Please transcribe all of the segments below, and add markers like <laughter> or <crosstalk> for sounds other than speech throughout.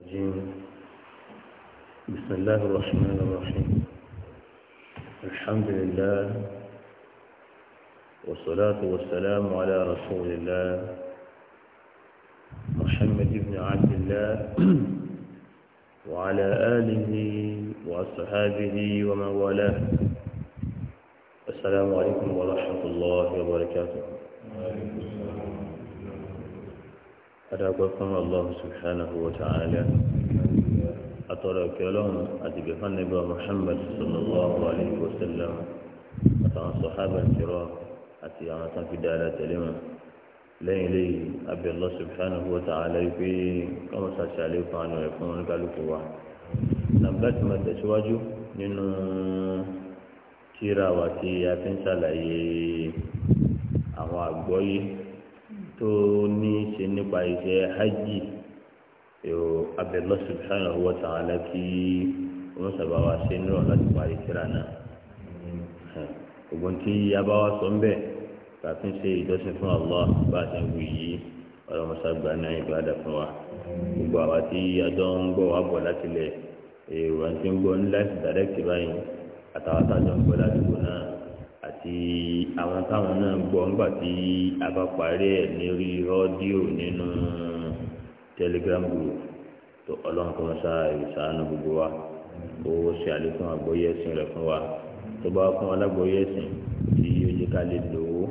بسم الله الرحمن الرحيم الحمد لله والصلاة والسلام على رسول الله محمد بن عبد الله <clears throat> وعلى آله وأصحابه ومن والاه السلام عليكم ورحمة الله وبركاته adágbé fún allah subhanahu wa ta'ala àtọ̀rọ̀ kẹlọ́n àti bẹ̀fà nígbà muhammad sallallahu alayhi wa sallam àtàwọn sọ̀hábà kìrọ̀ àti àwọn tán fi dáadáa tẹ̀lé wọn lẹ́yìn lẹ́yìn abẹ́ allah subhanahu wa ta'ala pé káwọn sàṣàlẹ̀ fún àwọn ẹ̀fọn oníkálukú wa nàbẹ́ tí mo tẹ̀síwájú nínú tíra wa tí a fi ń ṣàlàyé àwọn àgbọ́yé tó ní í ṣe nípa iṣẹ́ hajj yóò abẹ́lọ́ subhanahu wa ta'ala kí wọ́n sábà wá ṣe ní ọ̀la ti parí síra náà ògùn tí abáwá sọ ń bẹ̀ kàfin ṣe ìjọsìn fún allah bá a ṣe ń wù yìí ọlọ́mọṣàgbà náà ìbáradà fún wa gbogbo àwa tí adọ́ ń gbọ́ wá bọ̀ láti lẹ̀ èrò àti ń gbọ́ ní láti dàrẹ́kì báyìí àtàwọn àtàjọ ń gbọ́ ládùúgbò náà àti àwọn táwọn náà gbọ́ nígbà tí a bá parí ẹ̀ ní orí rọ́díò nínú telegram group tó ọlọ́run kan sáà ìsànù gbogbo wa kó o ṣe àlékún àgbọ́yé ẹ̀sìn rẹ̀ fún wa tó bá fún alágbọ́yé ẹ̀sìn tí yóò yẹ ká lè lò ó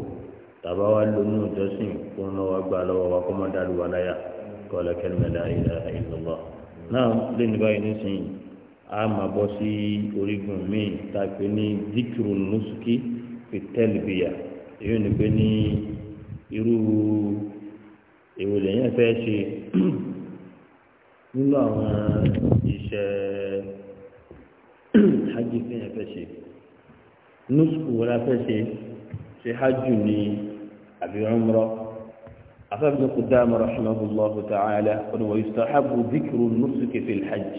tàbá wa lónú ìjọsìn kó ń lọ́wọ́ gbà lọ́wọ́ wa kó má dàlú wa láyà kọ́ lẹ́kẹ́lẹ́mẹ́lá ìlà ìlọ́lọ́ náà lé báyìí nísìnyí a máa bọ́ sí orígun míì tá a pè ní zikiru nusuki fìtẹ́lìbìyà èyí ni pé ní irú èrò lèyìn fẹ́ ṣe nínú àwọn iṣẹ́ hajj fẹ́yìn fẹ́ ṣe nùsùkù wọn fẹ́ ṣe ṣe hajj ní àbíọ́mọ́rọ́ afẹ́bí kò dá àmọ́ rahmanahu allahu ta'ala wọn wọ́n yóò sọ́hábù díkìrù fi hajj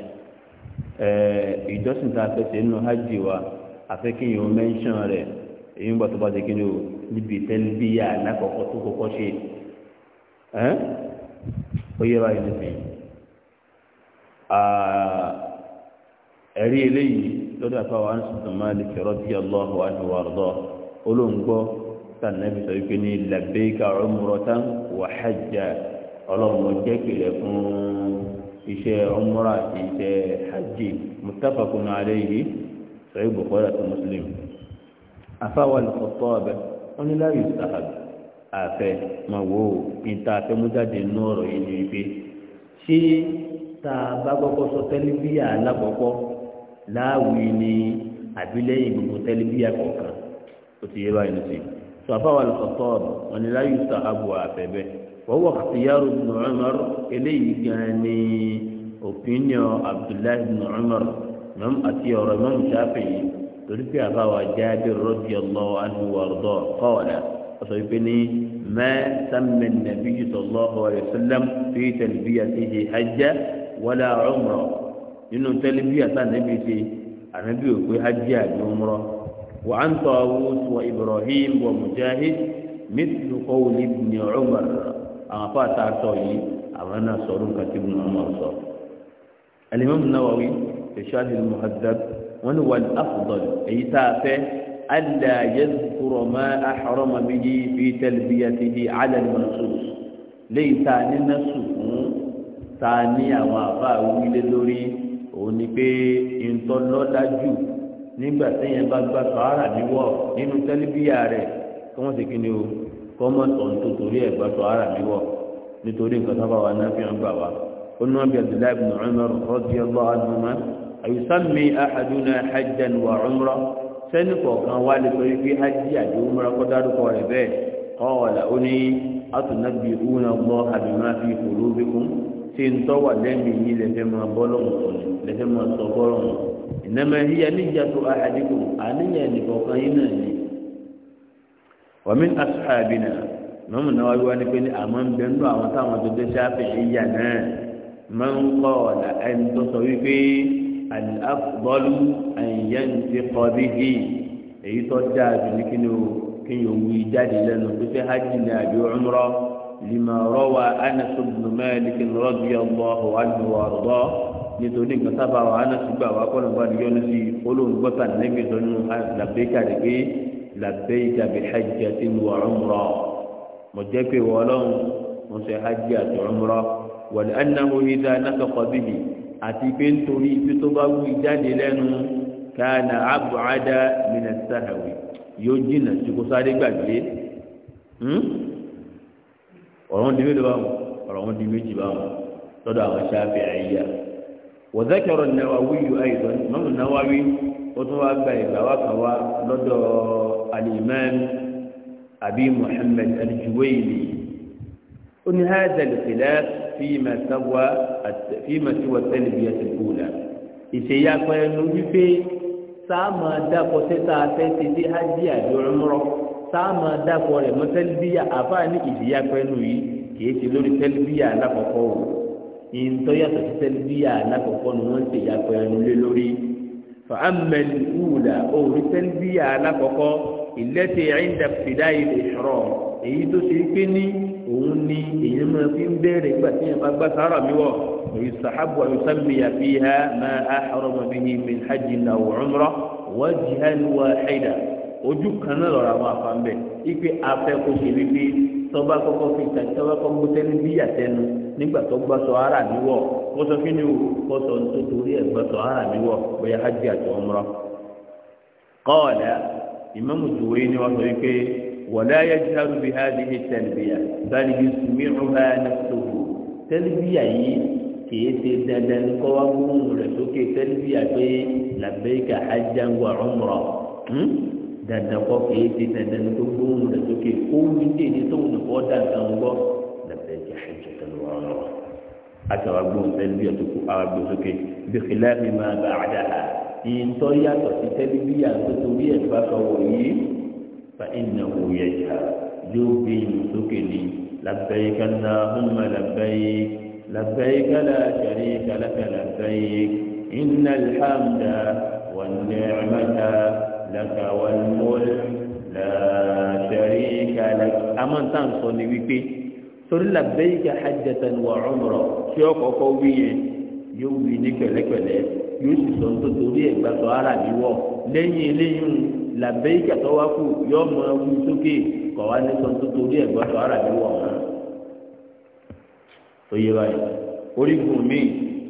ìjọsìn tá a fẹ́ ṣe nínú hajj wa afẹ́kẹ́yìn omi ń rẹ̀ èyí ń bọ̀ tó bá ṣe kíni o níbi tẹ́lifíyà alákọ̀ọ́kọ́ tó kọ́kọ́ ṣe ẹ́n ó yẹ báyìí níbi ẹ̀rí eléyìí lọ́dọ̀ àfáwọn ansùnmọ́ malik rọ́bì allahu anhu àrùdọ́ olóńgbọ́ sànẹ́bí sọ wípé ní làbẹ́ẹ́kà ọmọrọ̀tàn wà hajjá ọlọ́run jẹ́ pèlẹ̀ fún iṣẹ́ ọmọrọ̀ àti iṣẹ́ hajj mustapha kùnà àlẹ́ yìí sọ ibùkọ́ àti mùsùlùmí afáwa lè kọtọ ọbẹ wọn ní láyé ìsàhàbì àfẹ máa wò ó níta àfẹmújáde nínú ọrọ yìí ni wípé ṣé tá a bá gbọkọ sọ tẹlifíà alákọọkọ láàwì ni àbílẹyìn gbogbo tẹlifíà kọọkan ó ti yé báyìí lọsí sọ afáwa lè kọtọ wọn ní láyé ìsàhàbì àfẹ bẹ wọ́n wọ̀ kàtìyàrú تلقي أبا جابر رضي الله عنه وارضاه قال أصيبني ما سمى النبي صلى الله عليه وسلم في تلبيته حجة ولا عمرة إنه تلبية النبي في النبي يقول حجة عمرة وعن طاووس وإبراهيم ومجاهد مثل قول ابن عمر أما فاتعطي أما أنا صارون كتب عمر صار الإمام النووي في شرح المهذب wọn ni wàlú afudọl èyí tá a fẹ alẹ yẹtukuro mọ ahọrọmọ mi yí fi tẹlifíyà ti di alẹ mọsùs léyìí tá a ní nẹsùn fún tá a ní àwọn àbá wílé lórí òun ni pé ntọ́lọ́dájú nígbà téèyàn bá gbà sọ́hárà níwọ̀ nínú tẹlifíyà rẹ̀ kí wọ́n ti kí ni o kọ́mọ tọ̀hún tó torí ẹ̀ gbà sọ́hárà níwọ̀ nítorí nǹkan sábà wà náà fi hàn gbà wá ó ní wọn bí abdullahi bin umar àyùsánmi àhàdúnà hajjan wà ọmọrọ sẹ́ni kọ̀ọ̀kan wá lè sọ wípé hajj àti ọmọrọ kọ́ dárúkọ rẹ̀ bẹ́ẹ̀ kọ́ọ̀lá ó ní àtúnábì ìhùnà gbọ́ àbìmá fi kòló bí kún tí ń tọ́wà lẹ́mìí yìí lẹ́fẹ́ máa bọ́ lọ́wọ́ lẹ́fẹ́ máa sọ bọ́ lọ́wọ́ ìnáma hiya níjàtò àhàdìkù àníyàn nìkọ̀ọ̀kan yìí náà ni wàmín asuhabina mọ́mù wáyé wá ní pé àlàfọlù àyẹ̀ǹtẹ̀kọ́ bíi èyí tó dáa jù ní kíni o kéèyàn wí jáde lẹ́nu pé fẹ́ hajj ní àbí ọmọrọ lima rọwà anasu numẹ́lì kí lọ́dún yẹn bọ́ wà ní wàrúdọ́ nítorí nǹkan sábà wà anasu gbà wà kọ́nà bá yọ ní sí olóńgbọ́sà nẹ́gbẹ̀ẹ́ tó nínú làbẹ́kà rẹ̀ pé hajj àti wà ọmọrọ mo jẹ́ pé hajj àti ọmọrọ wàlẹ́ anahu yìí dá anásọ̀kọ́ bíbí àti pé nítorí ibi tó bá wú ìjáde lẹ́nu káàna abu ada mina sahawi yóò jìnnà tí kò sáré gbàgbé hmm? ọ̀rọ̀ wọn di méjì báwọn ọ̀rọ̀ wọn di méjì báwọn lọ́dọ̀ àwọn sáfẹ́ àyíyá wọ́dẹ́kẹ̀rọ̀ náwó wíyù àìsàn mọ́mù náwó wí ó tún wáá gba ìgbà wá kan lọ́dọ̀ alimẹ́n àbí muhammed alijuwéyìlì ó ní hẹ́ẹ́dẹ̀lì fìlẹ́ẹ́ fíìmà sáwà fíìmà tí wọ́n tẹ́lẹ̀ bí ẹsẹ̀ kú la ìṣèyàpọ̀ ẹnu wípé sáàmà dàpọ̀ tẹ́tà tẹ́tẹ́ dé ájí àjọrọ̀mọ́rọ̀ sáàmà dàpọ̀ rẹ̀ mọ́ tẹ́lẹ̀bíyà àfáà ní ìṣèyàpọ̀ ẹnu yìí kìí ṣe lórí tẹ́lẹ̀bíyà alákọ̀ọ́kọ́ o ìǹtọ́ yàtọ̀ sí tẹ́lẹ̀bíyà alákọ̀ọ́kọ́ ni wọ́n ń ṣèyàpọ̀ ẹnu lé lórí fàámẹ́lì wùlà òòrí tẹ́lẹ̀bíyà alákọ̀ọ́kọ́ ìlẹ́tẹ̀ òun ni èyí máa fi ń bẹ̀rẹ̀ nígbà tí yẹn bá gbá sára mi wọ̀ èyí sàhábù àmì sábì àfi ha máa á ọ̀rọ̀ mọ̀ bí ní mi hajj nà wọ̀ọ́mọ́rọ́ wájú hàn wá ẹ̀dà ojú kan náà lọ́ra àwọn afáńbẹ̀ ipe afẹ́kọ̀ọ́ ṣe wípé tọ́ba kọ́kọ́ fi ta tọ́ba kọ́kọ́ tẹ́lẹ̀ bí yàtẹ́nu nígbà tó gbọ́ sọ ara mi wọ̀ wọ́n sọ kí ni o kọ́ sọ nítorí ẹ̀ gbọ́ sọ ara mi wọ̀ bóyá hajj àti ọmọ ولا يجهر بهذه التلبيه بل يسمعها نفسه تلبيه كيتي تدل قوامون لتوكي تلبية في لبيك حجا وعمرا دلل قوكيتي دلل قوامون لتوكي قوامتي لتون قوضا تنبو لبيك حجة وعمرا أتربون تلبية كوارب لتوكي بخلاف ما بعدها إن طريقة تلبية تتوبية فاكوين fa iná òye ìhà yóò gbé ìlú sókè ní labẹ́yìká náà húnmọ́ labẹ́yìí labẹ́yìká láàjẹrí kàlákà labẹ́yìí iná alḥamdà wọn ní ẹ̀mẹ́ta lẹ́ka wọn mọ́lẹ́ láàjẹrí kàlákà. àmọ́ tá à ń sọ ni wípé torí labẹ́yìká hajjatan wà ọ̀mùrọ̀ tí ó kọ́kọ́ wí yóò wí ní pẹ̀lẹ́pẹ̀lẹ́ yóò sì sọ nítorí ẹ̀gbàgbọ́ ara mi wọ̀ lẹ́yìn eléyìí làbẹ́yìkà tó wá kù yọ mọ ewu sókè kọ̀ wá ní sọ́n tó torí ẹ̀ gbọ́dọ̀ ara mi wọ̀ ọ́n. ó yẹ báyìí orígun mi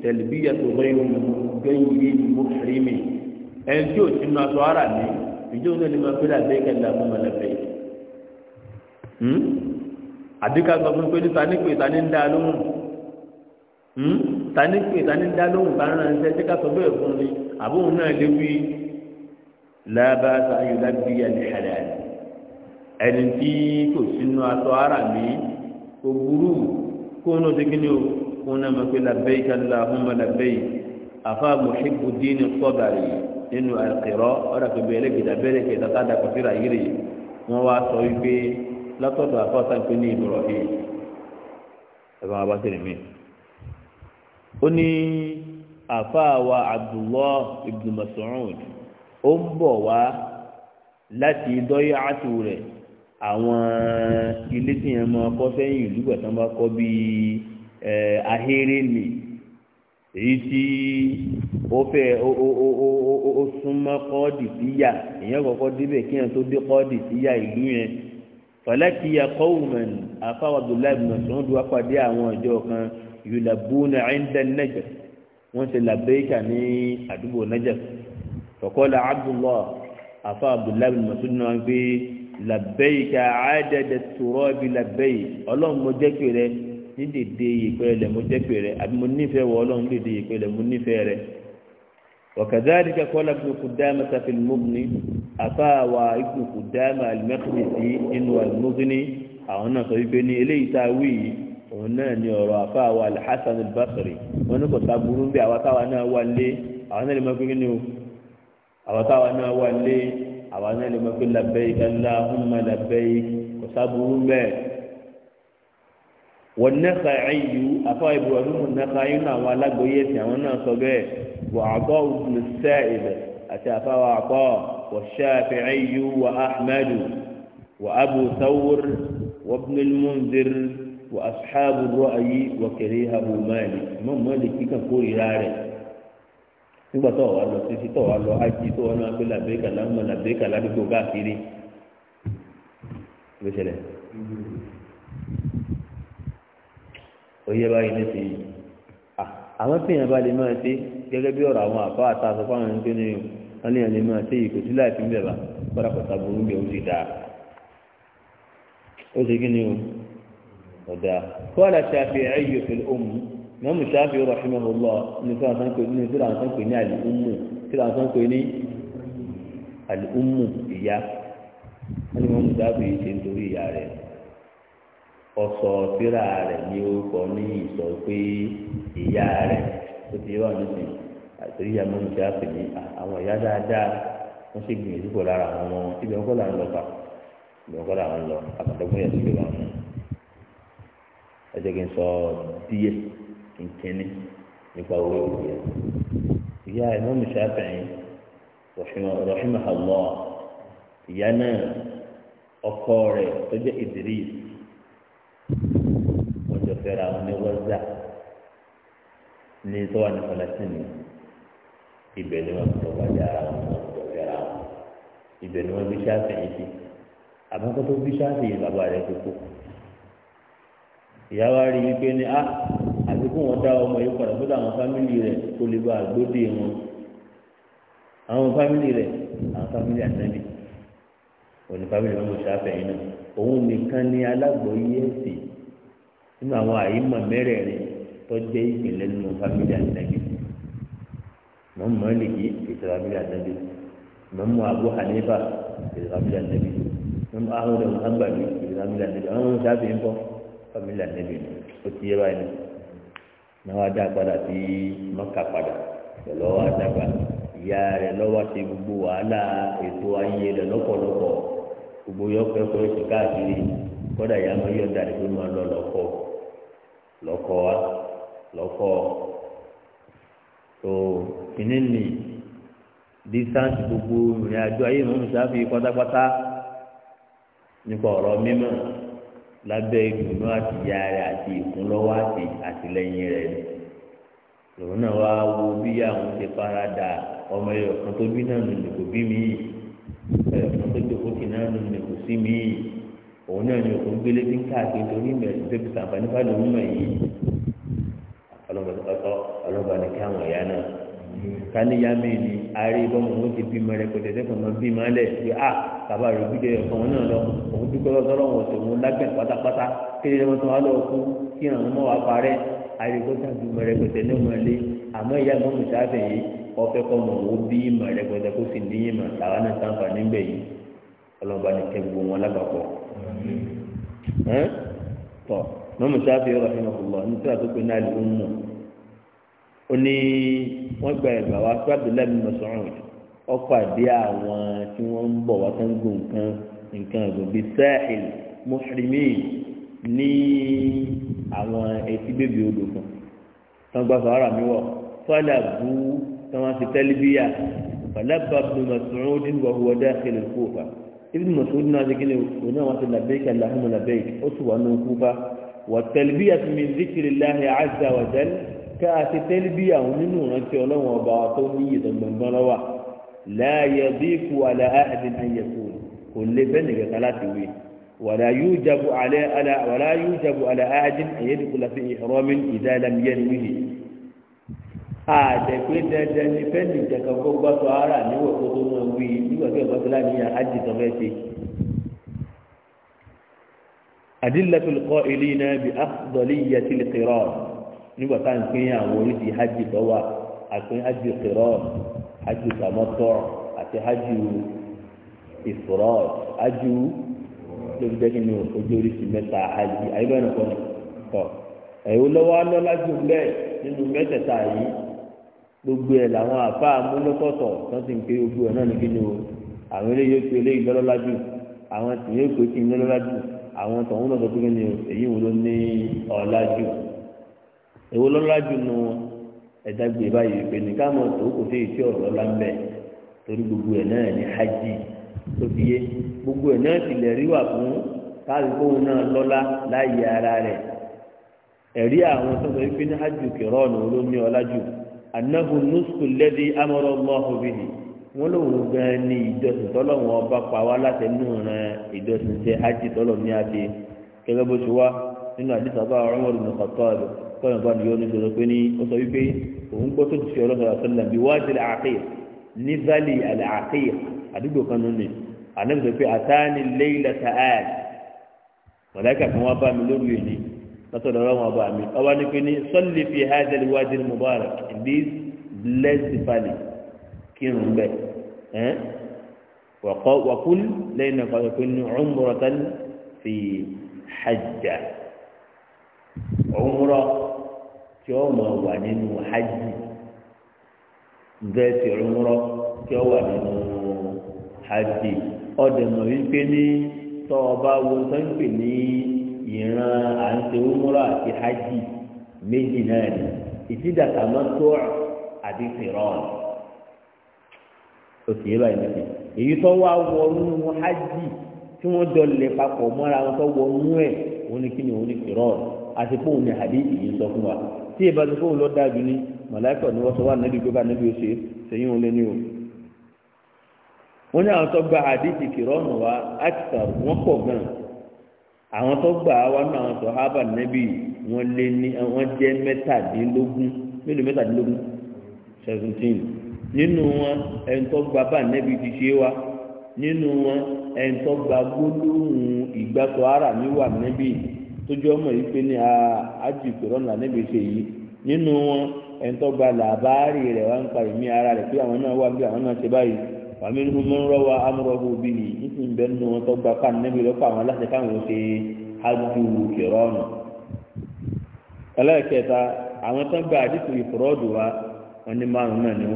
tẹlifíyà tó rẹ ohun gbẹ̀yìn mọ́kàrí mi ẹni tí ò ti nu aṣọ ara mi ìjọ náà ni mo fi làbẹ́yìkà làbọ̀ mọ́ làbẹ́yìkà. àdìkà sọ fún mi pé níta ní pé ta ní ń dá lóhùn hmm? tani pé tani ń dá lóhùn bá ń ránṣẹ́ tí ká sọ bẹ́ẹ̀ fún mi àbóhùn náà léwu lábáṣá ayọ̀lábí àlìhàlà ẹni tí kò sínú aṣọ ara mi kò burú kó náà ṣe kíni o kó náà máa pé labẹ́yì kálá ọmọ labẹ́yì afa mọ̀ṣẹ́kù dínì sọ́bàrì nínú àkìrọ́ ọ̀rọ̀ pẹ̀lú ẹlẹ́gbẹ̀dà bẹ́rẹ̀ kẹta tá a dà kọfíra yìí rè wọ́n wá sọ wípé látọ̀dọ̀ àfọ́sá ń pè ní ìbọ̀rọ̀ yìí ẹ̀fọn abáṣẹ́ni mi ó ní àfa wa abdullah ibn masoud ó ń bọ̀ wá láti dọ́yà àtò rẹ̀ àwọn ilé tí yẹn máa kọ́ sẹ́yìn ìlú gbàtà bá kọ́ bíi ahéré nì èyí tí ó fẹ́ ó súnmọ́ kọ́ọ̀dì síyà ìyẹn kọ́kọ́ débẹ̀ kí yẹn tó dé kọ́ọ̀dì síyà ìlú yẹn fàlákìyà kọ́wùmẹ̀n afáwàdùláàbù mọ̀sán ló wá pàdé àwọn ọjọ́ kan yòlàbùnà ẹ̀ńdẹ̀ nẹ́jẹ̀ wọ́n ti làbẹ́ẹ̀kà ní àdúgbò nẹ́jẹ̀ fún فقال عبد الله أفا عبد الله بن مسعود náà gbé لبيك عدد التراب لبيك ọlọ́run mo jẹ́ pé rẹ ní dèdè ìpẹ́ rẹ mo jẹ́ pé rẹ àbí mo nífẹ̀ẹ́ wọ ọlọ́run dèdè ìpẹ́ mo nífẹ̀ẹ́ rẹ. وكذلك قال ابن قدامة في المغني أفا وابن قدامة المقدسي إنه المغني àwọn náà sọ wípé ní eléyìí tá a wí yìí òun ni ọ̀rọ̀ àfa wa alhassan albasri wọn ní kò sá burú bí àwa táwa náà wà lé àwọn náà lè o àwọn táwọn náà wà lé àwọn náà lè mọ pé labẹ́yì kálá ọmọ labẹ́yì kò sábúrú bẹ́ẹ̀. wọ́n nẹ́ka ẹ̀yù afọ ìbùrọ̀dúnmù nẹ́ka inú àwọn alágbóyè ẹ̀sìn àwọn náà sọ bẹ́ẹ̀ wọ́n àgọ́ òkùnrin sẹ́ ilẹ̀ àti wa àkọ́ wọ́ṣẹ́ ẹ̀yù wà áhmẹ́dù wà ábù sáwùr wọ́pnil múnzir wà asxaabu rọ́ọ̀yì wà kẹrìhà bùmáàlì mọ́ mọ́lì kika kórìíra rẹ̀. nígbà tó wà lọ títí tó wà lọ ájì tó wà náà pé làbẹ́kà lámọ̀ làbẹ́kà ládùúgbò káàkiri ló ṣẹlẹ̀ oyè báyìí ní ti àwọn tí yẹn bá lè máa ṣe gẹ́gẹ́ bí ọ̀rọ̀ àwọn àfáà tá a sọ fáwọn ẹni tó ní wọn lè lè máa ṣe ìkòsí láìpín bẹ̀rẹ̀ kọ́dà kọ́ta burú bẹ́ẹ̀ ó ti dáa ó ṣe kí ni o ọ̀dà kọ́dà ṣàfihàn ayò pẹ̀lú òmù. ìmọ̀ mùsàáfì rahimahullah ní síra àwọn sọ́nkò ní àlùmù síra àwọn sọ́nkò ní àlùmù ìyá wọ́n ní ìmọ̀ mùsàáfì yìí ṣe nítorí ìyá rẹ̀ ọ̀sọ̀ síra rẹ̀ ní orúkọ ní ìsọ̀ pé ìyá rẹ̀ tó ti wà nísìnyí àtòrí ìyá mọ́mú ti àpè ní àwọn ìyá dáadáa wọ́n sì gbìyànjú lára àwọn ọmọ ibi ọkọ là ń lọ pa ibi ọkọ là ń lọ nkíní nípa owó ìwé ya ìyá ìmọ̀ mùsàfẹ́yìn rọ̀ṣìmọ̀hálọ́ ìyá náà ọkọ rẹ̀ tó jẹ́ idris wọ́n jọ fẹ́ra wọn ní ní tó wà ní falasini ibẹ̀ ni wọ́n tó wájà ara wọn wọ́n fẹ́ra wọn ibẹ̀ ni wọ́n bí sàfẹ́yìn sí àbákọ́tọ́ bí sàfẹ́yìn bàbá rẹ̀ kókó ìyá wa rí i pé ní a. Ah, àti kó wọn dá ọmọ yìí padà sọ́dọ̀ àwọn fámìlì rẹ̀ kó lè bá àgbóde wọn àwọn fámìlì rẹ̀ àwọn fámìlì àtẹ́bí òní fámìlì wọn kò ṣàfẹ́yìn náà òun nìkan ni alágbóyè ẹ̀sìn nínú àwọn àyímọ̀ mẹ́rẹ̀ẹ̀rin tó jẹ́ ìpìlẹ̀ nínú fámìlì àtẹ́bí mọ̀mú mọ́lìkì ètò fámìlì àtẹ́bí mọ̀mú abu hanifa ètò fámìlì àtẹ́bí mọ̀mú ahmed muhammad ètò fámìlì àtẹ́bí àwọn ọmọ sáfì bọ́ fámìlì àtẹ́bí ó ti yẹ báyìí náà wá dá padà sí mọ́kà padà pẹ̀lú ọwọ́ àdàgbà ìyá rẹ̀ lọ́wọ́ ṣe gbogbo wàhálà ètò ayé rẹ̀ lọ́pọ̀lọpọ̀ gbogbo yọkọ̀ ẹ̀kọ́ ẹ̀sìn káàkiri kọ́dà ìyá máa yọ̀ dàdí pé máa lọ lọ́kọ̀ lọ́kọ̀ wa lọ́kọ̀ tó kìíní nì dísáǹsì gbogbo ìrìn àjò ayé mọ́mùsáfì pátápátá nípa ọ̀rọ̀ mímọ́ lábẹ́ ìdùnnú àti ìyá rẹ̀ àti ìkúnlọ́wọ́ àti àtìlẹ́yìn rẹ̀ ni lòun náà wá wo bí àwọn ti fara da ọmọ ẹ̀yọ̀ kan tó bí náà nùnú kò bí mi yìí ẹ̀yọ̀ kan tó jòkókì náà nùnú kò sí mi yìí òun náà ni òkú gbélé ní káàkiri torí mẹ̀sìn tó fi sàǹfààní fáwọn ọmọ yìí káníyàmí ni ààrẹ ìbọmọ òun ti bímọ rẹ pẹtẹ tẹkọ náà bímọ lẹ pé a ah, bàbá rẹ bí jẹ ọkàn náà lọ òun dúpẹ́ lọ́sọ́rọ́ wọn tó wọn lágbẹ̀ pátápátá kéde wọn tó wá lọ kú kí àwọn ọmọ wa parẹ́ ààrẹ ìbọmọ bímọ rẹ pẹtẹ ní ọmọ ilé àmọ́ ìyá ìmọ̀ mùsàfẹ́ yìí ọfẹ́ kọ́ mọ̀ owó bí ìmọ̀ rẹ pẹtẹ kó sì ní ìmọ̀ làwa náà sáǹfà níbẹ̀ yìí ọlọ́ba ó ní wọ́n gba ẹ̀gbà wá sí abdullahi bin masoud ọkọ̀ àdé àwọn tí wọ́n ń bọ̀ wá tó ń gbó nǹkan nǹkan ọ̀gbìn bíi sahel muhrimi ní àwọn etí bèbè odò kan tán gba sàárà mi wọ̀ fọlá bú tán wá sí tẹlifíà fọlá bá bin masoud wà wọ́n dá kẹlẹ̀ fúfa ibn masoud náà ti kíni òun náà wá sí labẹ́ẹ̀kì aláhùnmọ́ labẹ́ẹ̀kì ó sì wà nù kúfa wà tẹlifíà ti mi zikiri láhìá àzá wà jẹ́lẹ̀ ká a ti tẹ́lẹ̀ bí àwọn nínú ìrántí ọlọ́wọ́n ọba wa tó ní ìdọ̀gbọ̀ngbọ́n lọ́wọ́ láàyè bí ikú alẹ́ àdín ayẹ̀kú kò lè fẹ́ nìkẹ́kẹ́ láti wí wàlá yóò jabu alẹ́ àdín ayẹ̀dùkú láti ìrọ́mí ìdálẹ́mìyẹn wíyì àdẹ̀gbẹ́ dandan ni fẹ́ nìkẹ́kẹ́ kó gbàtọ̀ ara níwọ̀ tó tó náà wí nígbà tó ẹ̀kọ́ tó láníyàn ájì tó fẹ́ nígbà tá à ń pín àwọn oríṣi hajj lọ́wọ́ àpín hajj kìrọ́ hajj tàmọ́tọ́ àti hajj ìfúrọ́ hajj lórí jẹ́kí ni ojú oríṣi mẹ́ta hajj àyíbẹ̀rẹ̀ nìkan kọ́ ẹ̀yọ́ lọ́wọ́ alọ́lájú bẹ́ẹ̀ nínú mẹ́tẹ̀ẹ̀ta yìí gbogbo ẹ̀ làwọn àfa amúlọ́kọ̀tọ̀ tán ti ń pé gbogbo ẹ̀ náà ní kí ni o àwọn eléyìí ó pe eléyìí lọ́lọ́lájú àwọn tìyẹ́ pé kí n lọ́lọ́lájú àwọn tọ̀hún lọ́sọ̀ pé kí ni èyí wo ló ní ọ̀lájú èwo lọ́la jù nù ẹ̀dá gbé báyìí pé ní káàmọ̀ tó kò sí ìṣe ọ̀rọ̀ ń bẹ̀ torí gbogbo ẹ̀ náà ní hajj tó fi yé gbogbo ẹ̀ náà sì lẹ̀ rí wà fún kóhun náà lọ́la láàyè ara rẹ̀ ẹ̀rí àwọn tó sọ pé ní hajj kìrọ̀ ọ̀nà olómi nusku lẹ́dí amọ̀rọ̀ wọn lòun gan ni ìjọsìn tọ́lọ́wọ́n ọba pa wá látẹnu rẹ̀ ìjọsìn tẹ hajj tọ́lọ́ kọ́nà bá ní yọ́nù sọ̀rọ̀ pé ní ó sọ wípé òun gbọ́ tó ti ṣe ọlọ́sọ̀rọ̀ àtọ́lá bí wájú àkè ní valley àlẹ́ àkè àdúgbò kan nínú ànábì sọ pé àtàní leila ta'ad mọ̀láìkà kan wá bá mi lórí èyí lọ́sọ̀rọ̀ ọlọ́run ọba mi ọba ní pé ní sọ́lì fi hajjali wájú mubarak in this blessed valley kírun bẹ́ẹ̀ wàkúl lẹ́yìn náà fàṣọ pé ní ọmọrọ̀ kan fi hajjá kí ó mọ wà nínú hajj gẹ̀ẹ́sì rúmúrọ́ tí ó wà nínú hajj ọ̀dẹ̀ mọ̀ wípé ní tọ́ ọba wo sọ́ńpè ní ìran à ń ṣe rúmúrọ́ àti hajj méjì náà ni ìsídàkà máa tó àti fìrọ́ọ̀ oṣù yìí báyìí nìyí èyí tó wá wọnú hajj tí wọ́n jọ lè papọ̀ mọ́ra wọn tó wọnú ni kí ni tí ìbá ti fóun lọ dájú ní màláìkà ni wọ́n sọ wà níbi gbogbo àníbi ó ṣe sẹ́yìn òun lé ní o. wọ́n ní àwọn tó gba àdìsí kìrọ́ọ̀nù wa àtìkà wọ́n pọ̀ gan-an àwọn tó gbà wá ní àwọn sọ̀hábà níbi wọ́n lé ní wọ́n jẹ́ mẹ́tàdínlógún mélòó mẹ́tàdínlógún seventeen nínú wọn ẹni tó gba bá níbi ti ṣe wa nínú wọn ẹni tó gba gbólóhùn ìgbàsọ ara mi wà níbi tójú ọmọ yìí pé ní ájú ìpèrọ̀ ọnụ níbi na yìí nínú wọn ẹ̀ńtọ́ gba làbáàrì rẹ̀ wá ń pa ara rẹ̀ pé àwọn náà wà bí àwọn náà ṣe báyìí wàmí ní mo ń rọwà amúrọ̀bù bí yìí nítorí ń nínú wọn tó gba káà níbi àwọn aláṣẹ káwọn ṣe ọ̀nà. àwọn tó gba àdìsù ìfọ̀rọ̀dù wa wọn ní márùn ni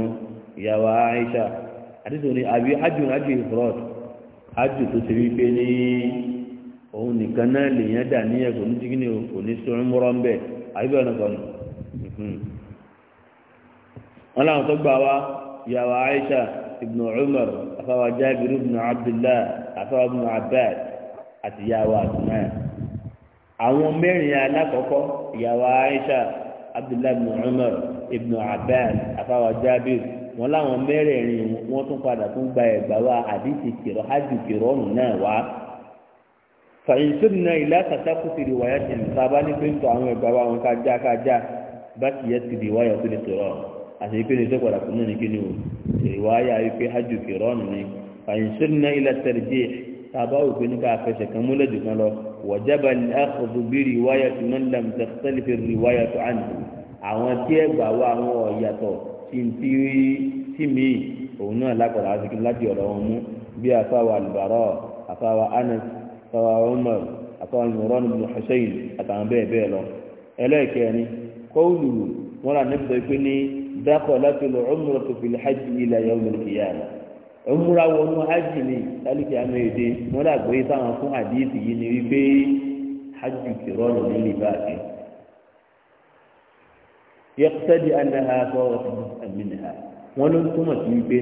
wọn òun nìkan náà lèèyàn dà níyẹn kò ní jígínì kò ní sọ ńmúrọ ńbẹ àyíbẹ ọ̀nàkọ̀nù wọn làwọn tó gbà wá aisha ibn umar afawa jabir ibn abdullah afawa ibn abad àti yàwá àwọn aisha abdullah ibn umar ibn abad afawa jabir fàyínsóbìnà ìlà kàtàkù ti rí wáyà tẹ̀ sábà ní pé ń tọ́ àwọn ẹ̀gbà wọn kájá kájá bá ti yẹ ti rí wáyà tó lè tọrọ àti ìpè ní sọ́kọ̀dà fún náà ní kí ni o rí wáyà ìpè hajj kìrọ́ ni fàyínsóbìnà ìlà tẹ̀rẹ̀jẹ̀ sábà ò pé ní ká fẹsẹ̀ kan múlẹ̀ dùn kan lọ wọ̀jábà ní àkọ́dù bí rí wáyà tó náà làm tẹ̀sílẹ̀ rí wáyà tó àtàwọn umar àtàwọn ìmọ̀rán ibùdó hussein àtàwọn bẹ́ẹ̀ bẹ́ẹ̀ lọ ẹlẹ́ẹ̀kẹ́ni kọ́ọ̀lù wọn ànábi sọ pé ní dákọ̀ láti lọ ọmọrọ̀ tó fi hajj ilẹ̀ yẹn wọn kì í yà lọ ọmọrọ̀ hajj ni lálùkì àmì èdè wọn dàgbé sáwọn fún àdìsí yìí ni wípé hajj kìrọ́ọ̀nù nílì báàkì yẹ́kítẹ́dì ànáhà sọ̀rọ̀ àmìnira wọn ló túmọ̀ sí wípé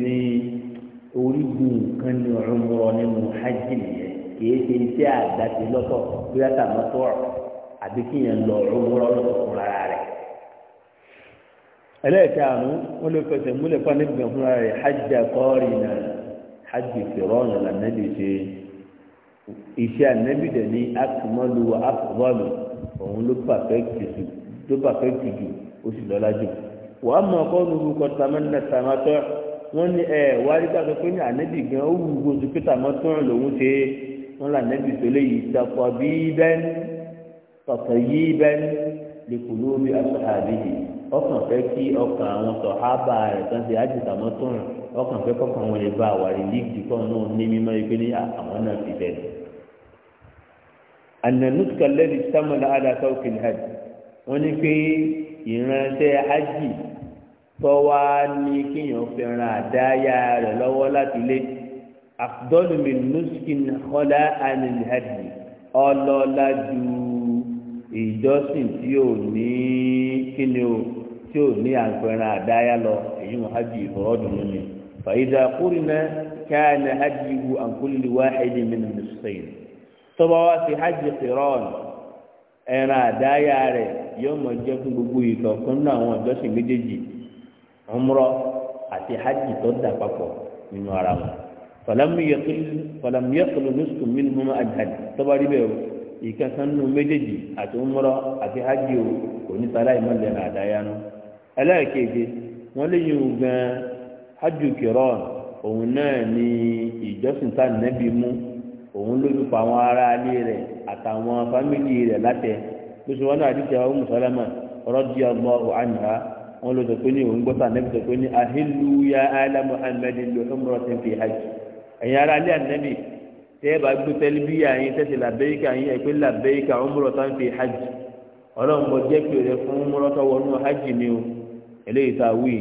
orígun kan ní ọmọrọ̀ nínú hajj nìyẹn kìí ṣe iṣẹ́ àgbàṣe lọ́tọ̀ bóyá tàmọ́tọ́ àbí kíyàn lọ rúmúrọ́ lọ́tọ̀ fún rárá rẹ̀. ẹlẹ́ẹ̀kaàánú wọn lè fẹsẹ̀ múlẹ̀ fún anábìyàn fúnra rẹ̀ hajj akọ́rì náà hajj fìrọ́ọ̀nù lànàbì ṣe iṣẹ́ anábì dẹ̀ ní akùmọ́lu akùbọ́ọ̀lù òun ló pàfẹ́ jùjù ó sì lọ́lá jù. wàá mọ̀ ọkọ́ nínú kọ́ta mẹ́ta tàmátọ́ wọ́n ní ẹ̀ wárí wọn là nẹ́bí ìfẹ́lẹ́ yìí dàpọ̀ bí bẹ́ẹ̀ni tọ̀tọ̀ yìí bẹ́ẹ̀ni lè kú lórí aṣọ àbíyì ọkàn fẹ́ kí ọkàn àwọn sọ̀hábà rẹ̀ kan ṣe àjùtàmọ́ tó rìn ọkàn fẹ́ kọ́kàn wọn lè bá àwárí líìgì kan náà ní mímọ́ ibi ní àwọn náà fi bẹ́ẹ̀ ànànúkà lẹ́ni sámúlá àdàtà òkèlè hajj wọ́n ní pé ìránṣẹ́ hajj tọ́wá ní kéèyàn fẹ́ràn àdáyà rẹ̀ lọ́wọ́ láti lé àfùdọ́lù mi nùsùkì kọ́lá ànìlẹ́dì ọlọ́lá ju ìjọsìn tí ò ní kíni o tí ò ní àgbẹ̀rẹ̀ àdáyà lọ èyí wọn hájú ìfọ̀rọ̀dùn mi fàyídà kúrìnà káàní hájú ihu àǹkúlì wá ẹni mi nínú sẹ́yìn tọ́ba wá sí hájú ìrọ̀n ẹ̀ràn àdáyà rẹ̀ yóò mọ̀ jẹ́ fún gbogbo ìkọ̀ọ̀kan náà àwọn ìjọsìn méjèèjì ọmọrọ àti hájú tó dà papọ̀ nínú ara wọn fàlàmìyàkùlù nùsùkù mí nínú àjàdì tọ́ba rí bẹ́ẹ̀ o ìkan sanu méjèèjì àti ńmọ́rọ́ àti hajj o kò ní sara ìmọ̀lẹ̀ náà àdáyánu ẹlẹ́ẹ̀kejì wọ́n léyìn o gan hajj kìrọ̀ òun náà ní ìjọsìn tá nẹ́bí mú òun ló fi pa àwọn ará alé rẹ̀ àtàwọn fámìlì rẹ̀ látẹ̀ lóṣù wọn náà àdìsẹ́ àwọn mùsùlùmá rọ́dí ọmọ àná wọn ló sọ pé ní òun gbọ́ta nẹ́bí sọ pé ní ahilu ya alamu ahmed fi hajj ẹ̀yin ara alẹ́ ànábì tẹ́ ẹ bá gbé tẹ́lifíyà yín tẹ́sí làbẹ́yíkà yín ẹ pé làbẹ́yíkà ọmọrọ̀ tá ń fi hajj ọlọ́run bọ jẹ́ pé rẹ fún mọ́rọ́tọ́ wọnú hajj ni o eléyìí tá a wí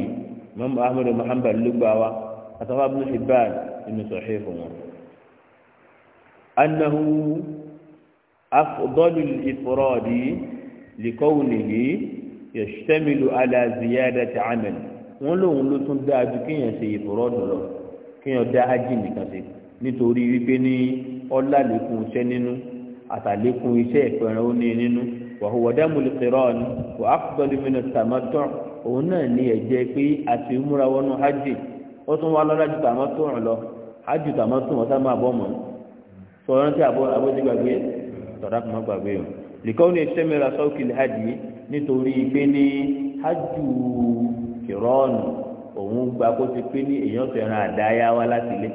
mọ́mú ahmed muhammed ló gbà wá àtàwọn abúlé fi báyìí nínú sọ̀hẹ́ fún wọn. anahu afdọ́lù ìfọ̀rọ̀dì lìkọ́wùnìyí yẹ̀ṣẹ́mìlú alàzìyàdà tààmẹ́lì wọ́n lóun ló tún dáa ju kéèyàn ṣe ìfọ̀rọ̀dù lọ kéèyàn dá ájì nìkan sí nítorí wípé ní ọlá lékún iṣẹ́ nínú àtàlékún iṣẹ́ ìpẹ̀rẹ̀ ó ní nínú wàhùwàdà mùlùkìrọ̀ ni wà á fúdọ̀lù mi náà tàmátọ̀ òun náà ní ẹ̀jẹ̀ pé àti múra wọnú ájì ó tún wá lọ́dájú tàmátọ̀ lọ ájì tàmátọ̀ wọn sábà bọ́ mọ́ sọ̀rọ̀ tí abọ́dé gbàgbé tọ̀dá kò gbàgbé o lìkọ́ ní ẹ̀ṣẹ́ mẹ́ra sọ́ọ̀kì lẹ́hàdì nítorí pé ní ájù kìrọ́ọ̀nù òun gba kó ti ní èèyàn fẹ́ràn àdáyá láti lé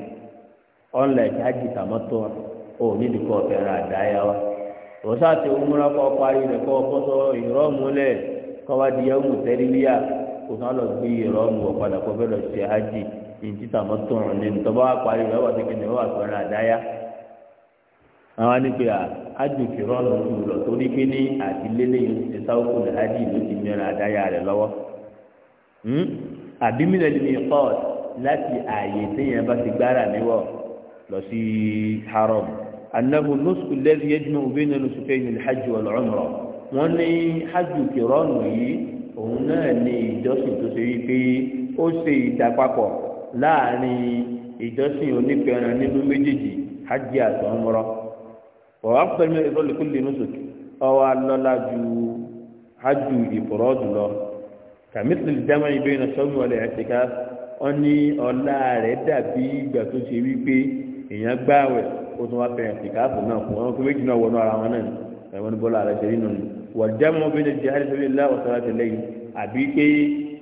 ọ̀nlẹ̀kì ájì tàmọ́tò ò nídìí kọ́ fẹ́ràn àdáyá wa òṣà tí múra kọ́ parí rẹ̀ kọ́ kọ́sọ́ ìrọ́múlẹ̀ kọ́wádìí yẹ́wù tẹ́lifíà kò sá lọ gbé ìrọ́mù ọ̀padà kọ́ fẹ́ràn ṣe ájì ìdí ní ntọ́ba wa parí rẹ̀ wà tẹ́kẹ́ fẹ́ràn àdáyá àwọn a adùnkì rọ́ọ̀nù pé ní àtìlélẹ́yìn ti sáwọ́kù ló ti àbí mílíọ̀nù mi kọ́ láti ààyè téèyàn bá ti gbára mi wọ̀ lọ sí haram anahu nusu lẹ́bi yẹ́dùnú obìnrin náà nusu fẹ́yìn ní hajj wà lọ́mọ́rọ́ wọ́n ní hajj kìrọ́ọ̀nù yìí òun náà ní ìjọsìn tó ṣe wípé ó ṣe ìdápapọ̀ láàrin ìjọsìn onífẹ̀ẹ́ràn nínú méjèèjì hajj àtọ̀mọ́rọ́ wọ́n pẹ̀lú ìfọ́lùkù lè nusu ọwọ́ alọ́lá ju hajj ìfọ̀rọ̀ jùlọ kàmítìlì dámà ìbẹ́ iná sọ́mù ọ̀lẹ̀ ẹ̀ṣẹ̀ká wọ́n ní ọ̀la rẹ̀ dàbí ìgbà tó ṣe wípé èèyàn gbáwẹ̀ ó tún wá fẹ̀yìn ẹ̀ṣẹ̀ká fún náà fún wọn kó méjì náà wọnú ara wọn náà ẹ̀wọ̀n ní bọ́lá rẹ̀ ṣe rí nínú wọ̀dámà ọ̀bẹ̀dẹ̀ jẹ́ àdìsẹ́lẹ̀ láwọ̀sára tẹ̀lé yìí àbí pé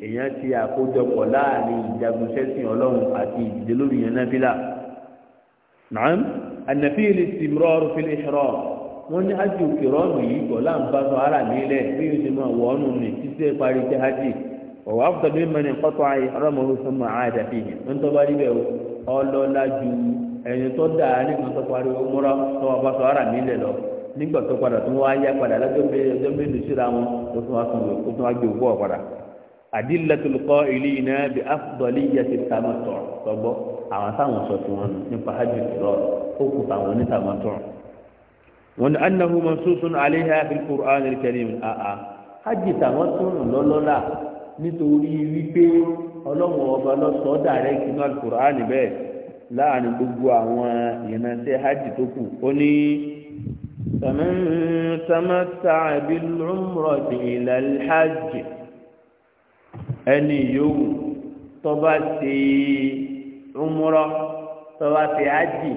èèyàn ti àkójọpọ̀ láàrin ìjagunṣẹ́sìn ọlọ́run àti ìdílé wọ́n ní ájú òkè yìí kọ̀ láǹbá sọ ara nílẹ̀ bí yóò ṣe máa wọ̀ ní títí parí jẹ́ ọ̀wọ́ àfùtàbí mẹ́rin kọ́tọ́ ayé ọlọ́mọ̀ọ́ fún mọ́ àádà fi hì ń tọ́ bá rí bẹ́ẹ̀ ọlọ́lá ju ẹ̀yìn tó dà á nígbà tó parí ọmọrọ tó wà bá sọ ara mi lẹ̀ lọ nígbà tó padà tó wá yá padà lọ́jọ́ ọjọ́ mélòó síra wọn ó tún wá sùn ó tún wá gbé òkú ọ̀padà. àdìlẹ́tòlùkọ́ ìlú iná bí afdọ́lì yẹ ti tọ́gbọ́ àwọn táwọn sọ nítorí wípé ọlọ́wọ́n ọba lọ́sọ̀ọ́ dàrẹ́ ìkínú alukur'an bẹ́ẹ̀ láàrin gbogbo àwọn ìrìnàṣẹ́ hajj tó kù ó ní. فمن تمتع بالعمرة ẹni yòówù tọ́ba ti umrọ̀ tọba ti ájì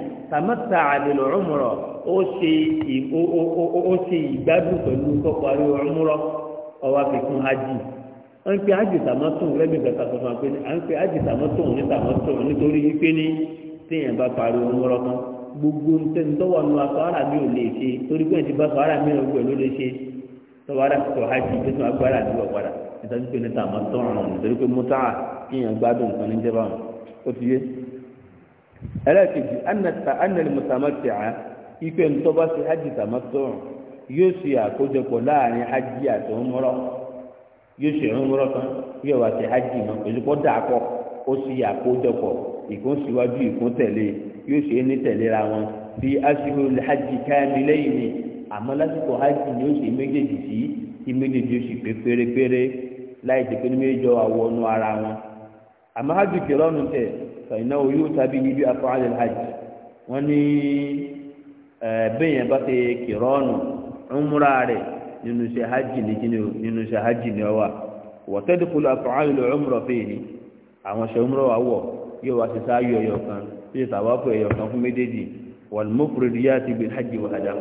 ó ṣe ìgbádùn pẹ̀lú fi kún à ń pe àjìtàmọ́tòun lẹ́gbẹ̀ẹ́ gbẹ̀ta sọ fún wa pé ń pe àjìtàmọ́tòun nítàmọ́tòun nítorí wípé ní bá parí ohun gbogbo ntẹ́ni tọ́wọ́ nu afárá mi ò lè ṣe torí pé ẹ̀dí bá afárá mi ò ló lè ṣe tọ́wọ́ ara kò hajj pé tí agbára àdúgbò padà nítorí pé nítàmọ́tòun nítorí pé gbádùn ó ti yé yóò ṣe ìrànwọ́ kan yóò wá sí hajj mọ́ pẹ̀lú kó dà pọ̀ ó sì siwaju ìkún síwájú ìkún yóò ṣe é ní tẹ̀léra wọn bí aṣọ hajj káyọ̀mí lẹ́yìn ni lásìkò ni ó ṣe méjèèjì sí kí méjèèjì ó sì pé pérépéré láì ṣe pé ní méjèèjọ ara wọn oyún tàbí ní bá ń múra nínú iṣẹ́ hajj ní kíni o nínú iṣẹ́ hajj ní ọwà wọ́tẹ́dìkúlù àfọ̀hánì lọ ọmọrọ̀ fèyí ni àwọn ṣe ọmọrọ̀ wà wọ̀ yóò wá sí sáyọ ẹyọ kan bí ìtàwá fún ẹyọ kan fún méjèèjì wọ́n mú fúrẹ́dì yá ti gbin hajj wọ̀ àdá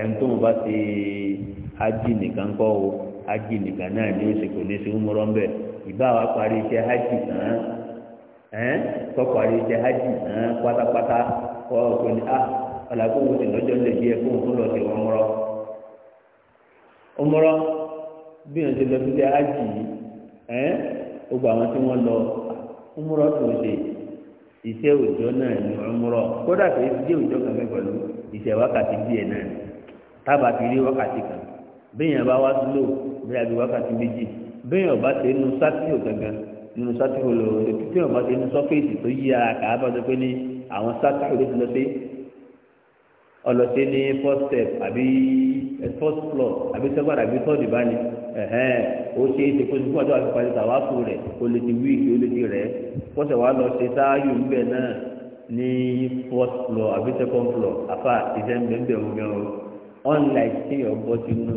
ẹn tó wọn bá ti hajj nìkan kọ́ o hajj nìkan náà ni ó sì kò ní sí ọmọrọ̀ ńbẹ ìbá wa parí iṣẹ́ hajj tán ẹ́n tó parí iṣẹ́ hajj tán pátápátá kọ́ ah, ọ̀gbìn ọmọrọ bí wọn ti lọ sí ájì yìí ẹ gbogbo àwọn tí wọn lọ ọmọrọ tó ṣe iṣẹ òjò náà ní ọmọrọ kódà pé iṣẹ òjò kan fẹ pẹlú iṣẹ wákàtí díẹ náà tábà ti rí wákàtí kan bá wá bí a bí wákàtí méjì ti nu nínú ti nu tó yí ara bá first floor àbí second àbí third ìbáni ẹ̀hẹ́n ó ṣe é ṣe kó nígbà tó wà fipá wá fún o lè ti wíìkì o lè ti rẹ̀ kọ́sẹ̀ wá lọ ṣe náà ní first floor àbí second floor afa ìṣẹ́ ń ń o unlike ṣé ọgbọ́n ti nù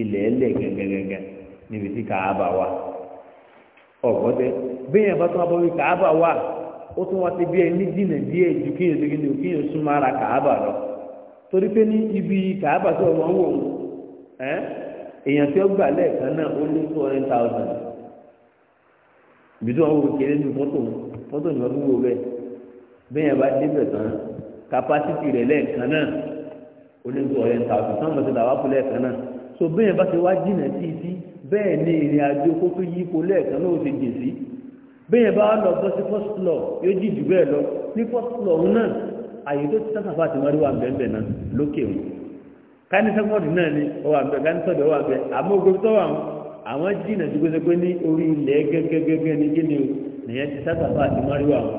ilẹ̀ ẹlẹ̀ gẹ́gẹ́gẹ́gẹ́ níbi tí kàába wa ọ̀gbọ́n tẹ bí yẹn bá tún abọ́ wí ó tún wá ti torí pé ní ibi kàábà tó wọ́n wò ó ẹ́ èèyàn tí ó gbà lẹ́ẹ̀kan náà ó ní two hundred thousand ibi tí wọ́n wò kéré ní mọ́tò mọ́tò ní wọ́n fi wò bẹ́ẹ̀ bẹ́ẹ̀ yẹn bá débẹ̀ tán kapásítì rẹ̀ lẹ́ẹ̀kan náà ó ní two hundred thousand táwọn mọ̀tò làwọn kú lẹ́ẹ̀kan náà so bẹ́ẹ̀ yẹn bá ti wá jìnà sí sí bẹ́ẹ̀ ni ìrìn àjò kó tó yí ipò lẹ́ẹ̀kan náà ó ti jìn sí bẹ́ẹ̀ yẹn bá lọ bọ́ sí first floor yóò jì jù bẹ́ẹ̀ lọ ní first floor náà àyè tó ti sáfà àti mọ́rí wà bẹ́ẹ̀ náà lókè wọn káni sẹ́kọ̀ọ́dì náà ni ó wà bẹ́ẹ̀ káni sọ́dọ̀ ó wà bẹ́ẹ̀ àmọ́ ogun tó wà wọn àwọn jìnnà tó gbèsè pé ní orí ilẹ̀ gẹ́gẹ́gẹ́gẹ́ ní kí ni o nìyẹn ti sáfà àti mọ́rí wà wọn.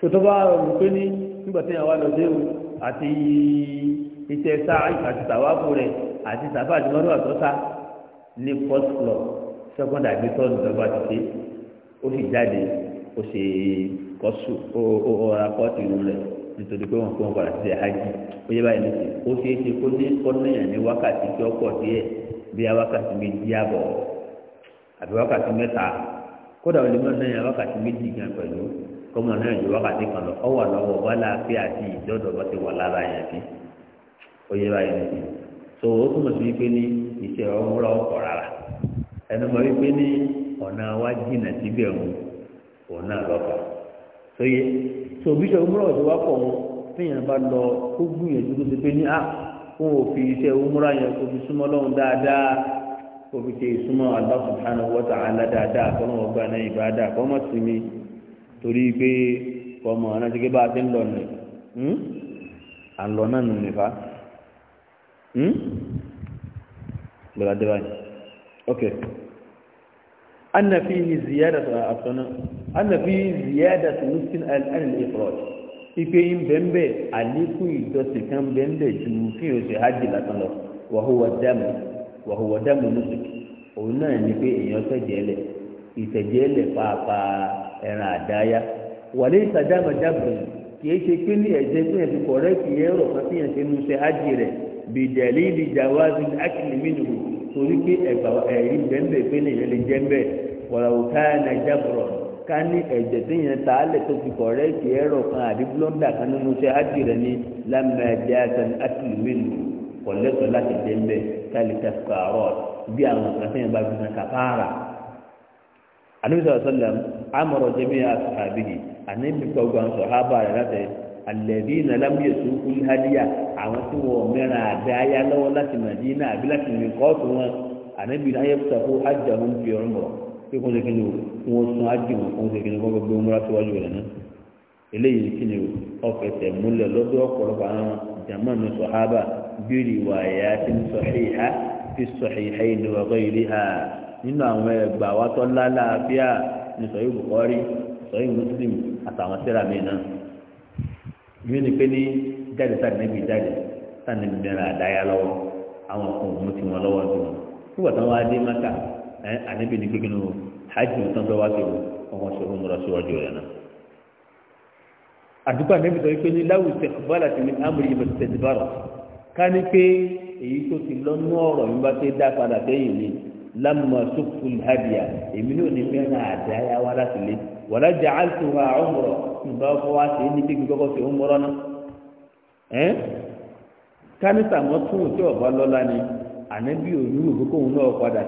tòtò bá rọrùn pé ní nígbà tí àwa lọ dé o àti iṣẹ́ sáà àti tàwáfù rẹ̀ àti sáfà àti mọ́rí wà tó sá ní first floor second àgbẹ̀tọ́ ìjọba ti ṣe ó sì jáde ó ṣe é kọ́sù ọ̀rọ̀ akọ́tì rẹ̀ nítorí pé wọn kó wọn padà sí hajj ó yẹ báyìí nìkan ó ṣeé ṣe kó ní kọ́nìyàn ní wákàtí tí ó díẹ̀ bí i wákàtí méjì àbọ̀ àbí wákàtí mẹ́ta kódà ó lè mọ náà wákàtí méjì gan pẹ̀lú kọ́mọ náà ju wákàtí kan lọ lọ́wọ́ àti ìjọ́dọ̀ bá ti wà lára yẹn ó yẹ báyìí tó o túmọ̀ sí wípé ní ìṣe rárá sóye tó bí sọ múra ọ̀sẹ̀ wá pọ̀ wọn téèyàn bá lọ kó gbìyànjú tó ti pé ní à kó o fi iṣẹ́ òmúra yẹn kó fi súnmọ́ lọ́hùn dáadáa kó fi ṣe ìsúnmọ́ aláṣùbánu wọ́tà alá dáadáa kọ́lọ́wọ́ gbà náà ìbá dáa kọ́ mọ̀ sí mi torí pé kọ́mọ anájíké bá a ti ń lọ nì hmm? à ń lọ náà nù nìfà gbọ́dọ̀ dé báyìí ok. أن فيه زيادة أبطنا أن فيه زيادة نسك الآن الإخراج إكيم بمبي عليكو يدوسي كان بمبي جموكي وسيهاجي لطنه وهو دم وهو دم نسك òun náà ní pé èèyàn tẹ̀jẹ̀lẹ̀ ìtẹ̀jẹ̀lẹ̀ pàápàá ẹran àdáyá wàlé ìtajámajábìrì kìí ṣe pé ní ẹ̀jẹ̀ pé ẹ̀sìn kọ̀rẹ́ẹ̀kì ẹ̀rọ kan tí yẹn ṣe ń ṣe ájì rẹ̀ bìdẹ̀lì ìdíjà wájú ákìlì mínú torí pé ẹ̀gbà ẹ̀rí bẹ́ẹ̀ pé nìyẹn lè jẹ́ bẹ́ẹ̀ wàlàwò káyánà jábọ̀rọ̀ ká ní ẹ̀jẹ̀ téèyàn ta á lẹ̀ tó fi kọ̀rẹ́ẹ̀tì ẹ̀rọ kan àbí blọ́ndà kan nínú iṣẹ́ ájì rẹ̀ ní lámẹ́ẹ̀dẹ́ àtàn átìlúmẹ́lù kọ̀lẹ́tọ̀ láti jẹ́ bẹ́ẹ̀ káyánà kàfàrọ̀ bí àwọn kan téèyàn bá fi san kàfàrà. àníbi sọ̀rọ̀ sọ́lá àmọ̀rọ̀ jẹ́mi àṣàbí àníbi gbọ̀ngàn sọ̀hábà rẹ̀ látẹ̀ alẹ́bí ìnàlámúyè tó kú hádìyà àwọn tí wọn mẹ́rin àbẹ́ ayá lọ́wọ́ láti màdínà àbí láti rìn kọ́ọ̀tù wọn ànábì ayé tó sàkó ájà wọn fi ọ̀rọ̀ mọ̀ pé kó ń segin ní o kó wọn sún ájì wọn kó ń segin ní kó gbogbo múra síwájú rẹ̀ náà eléyìí kí ni o ọ̀fẹ̀sẹ̀ múlẹ̀ lọ́dọ̀ ọ̀pọ̀lọpọ̀ àwọn jàmá mi sọ hábà bírí wà tí ń sọ ṣèyíhá fi sọ ṣèyíhá ìlú ọgọ́ ilé ha nínú àwọn ẹgbà wa lálàáfíà ní sọ yóò bùkọ́rí sọ yóò mùsùlùmí àtàwọn sẹ́ra mi náà yóò ní pé ní jáde sànẹ́bí jáde sànẹ́bí mẹ́ra àdáyà lọ́wọ́ àwọn kan ò mú ti wọn lọ́wọ́ dùn nígbà tí wọ́n á dé maka ànẹ́bí ní kékeré o hajj ní tán fẹ́ wá sí o wọ́n sọ fún mi lọ síwájú rẹ̀ náà. àdúgbò ànẹ́bí sọ pé ní láwùjọ tẹ̀kọ̀bọ́lá ti ní amúlí ibà ti tẹ̀sí bárọ̀ ká ní pé èyí tó ti lọ́nú ọ̀rọ̀ yìí bá ti dá padà sẹ́yìn ni lámùmá sókùn hàbíà èmi ní òní àdáyà wá láti lé wọ́lá jẹ́ àtúwà ọmọrọ̀ nígbà ọkọ̀ wá sí ní pé gbogbo ọkọ̀ sí ọmọrọ̀ náà ẹ́ kánísà mọ́ tún ni ànábì òru òkókòun náà padà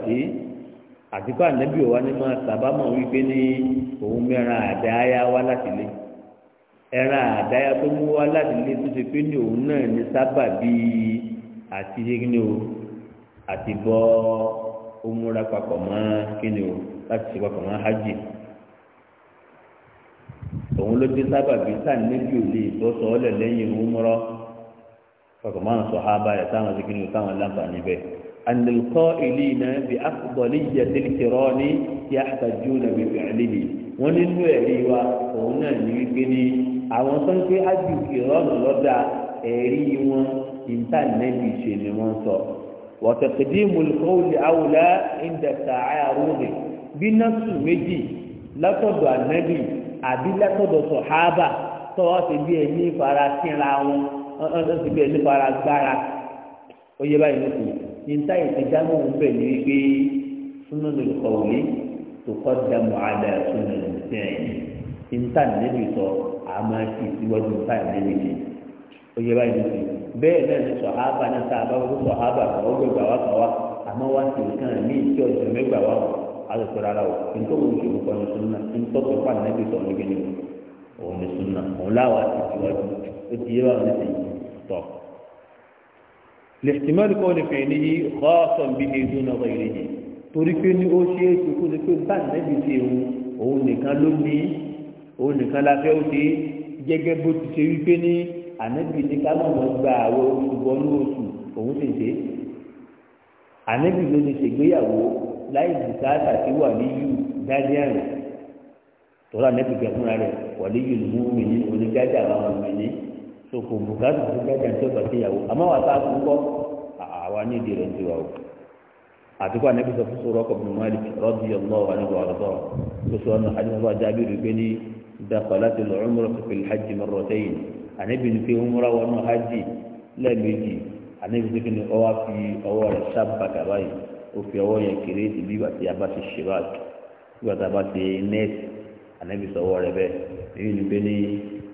ni ma sábàmọ̀ wípé ní òun mẹ́ran àdáyá wá láti lé ẹran àdáyá tó mú láti lé tó òun o àti bọ́ hajj. òun ló dé sábàbí sànẹ́bí ò lè bọ́ sọ ọ́ lẹ̀ lẹ́yìn òmùrọ́ fọkànmọ́ àwọn sọ̀hábà rẹ̀ táwọn ti kíni táwọn láǹfààní bẹ́ẹ̀. ànìlkọ́ ìlú iná bí akọ̀bọ̀lì yẹ tẹ́lifíọ́ ní yà àtàjú nàbí fìlì ni wọ́n nínú ẹ̀rí wa òun náà ní wípé ní àwọn tó ń pé ájú ìrọ́nù lọ́dà ẹ̀rí wọn ìntànẹ́bí ṣe ni wọ́n sọ. wọ́tẹ̀kẹ̀dí mùlùkọ́wùlì àwùlá ìndẹ̀tà àyàrúnì bí náà sùn méjì látọ̀dọ̀ ànẹ́bí àbí látọ̀dọ̀ sọ̀hábà tọ́wọ́ ti bí ẹni fara sínra wọn ọ̀sán ti bí ẹni fara gbára ó yẹ báyìí lókè ní ta ìtẹ̀já mọ̀ ń bẹ̀ ní wípé súnú lè kọ̀ wí tó kọ́ da mọ̀ àdá súnú lè sẹ́yìn ní ta níbi sọ àmọ́ ti síwájú ta níbi ó yẹ báyìí lókè bẹ́ẹ̀ náà ní sọ̀hábà náà tá a sọ̀hábà kọ́ ọ́ wá kọ́ wa àmọ́ wá sí nǹkan mí àtẹ̀tẹ̀ rárá o ntọ́ wo oṣù kọ́ ní sunna ntọ́ tó fà nẹ́bí sọ̀rọ̀ níbi ni òun ní sunna òun láwa ti tiwájú ó ti yé wa ní sèyí tọ́. lẹ́tìmọ́lì kọ́ lè fẹ̀yìn níyì kọ́ọ̀sán bí ní ìdúná ọ̀yẹ̀rẹ̀ yìí torí pé ní ó ṣe é ṣe kó lè pé bá nẹ́bí ṣe òun òun nìkan ló ní òun nìkan la fẹ́ ó ṣe gẹ́gẹ́ bó ti ṣe wípé ní ànẹ́bí ní ká mọ̀ gba àwọn oṣù bọ́nú oṣù òun ṣèṣe ànẹ́bí ló ti ṣègbéyàwó láì bùkátà tí wà níyù gáàdíàrì tọ́lá nẹ́bí gẹ̀ fúnra rẹ̀ wà níyù ló mú mi ní onígáàdì àwọn ọmọ mi ní so kò bùkátà tó gáàdì àti ọgbà tí ìyàwó àmọ́ wà tá a kú kọ́ àwa ní ìdí rẹ̀ ń tiwa o àtikọ́ ànẹ́bí sọ fún sọ̀rọ̀ ọkọ̀ bùnmọ́ àlè rọ́bì ọlọ́wọ́ àníwọ̀ ọ̀rọ̀tọ̀ tó sọ ọ́nà àdìsọ́fọ́ ajábí rẹ̀ pé ní dakọ̀láti lọ́ọ́mùrọ̀ fífi hajj mọ̀rọ̀tẹ́yìn ànẹ́bí ní pé ń múra wọnú hajj lẹ́ẹ̀mejì ànẹ́bí sọ fún ọwọ́ fi ọwọ́ rẹ̀ sábà kàbáyìí ó fi ọwọ́ yẹn kéré ti bí bàtí a bá ti shirak bí bàtí a bá ti nẹ́ẹ̀sì ànábì sọ̀wọ́ rẹ bẹ́ẹ̀ èyí ni pé ní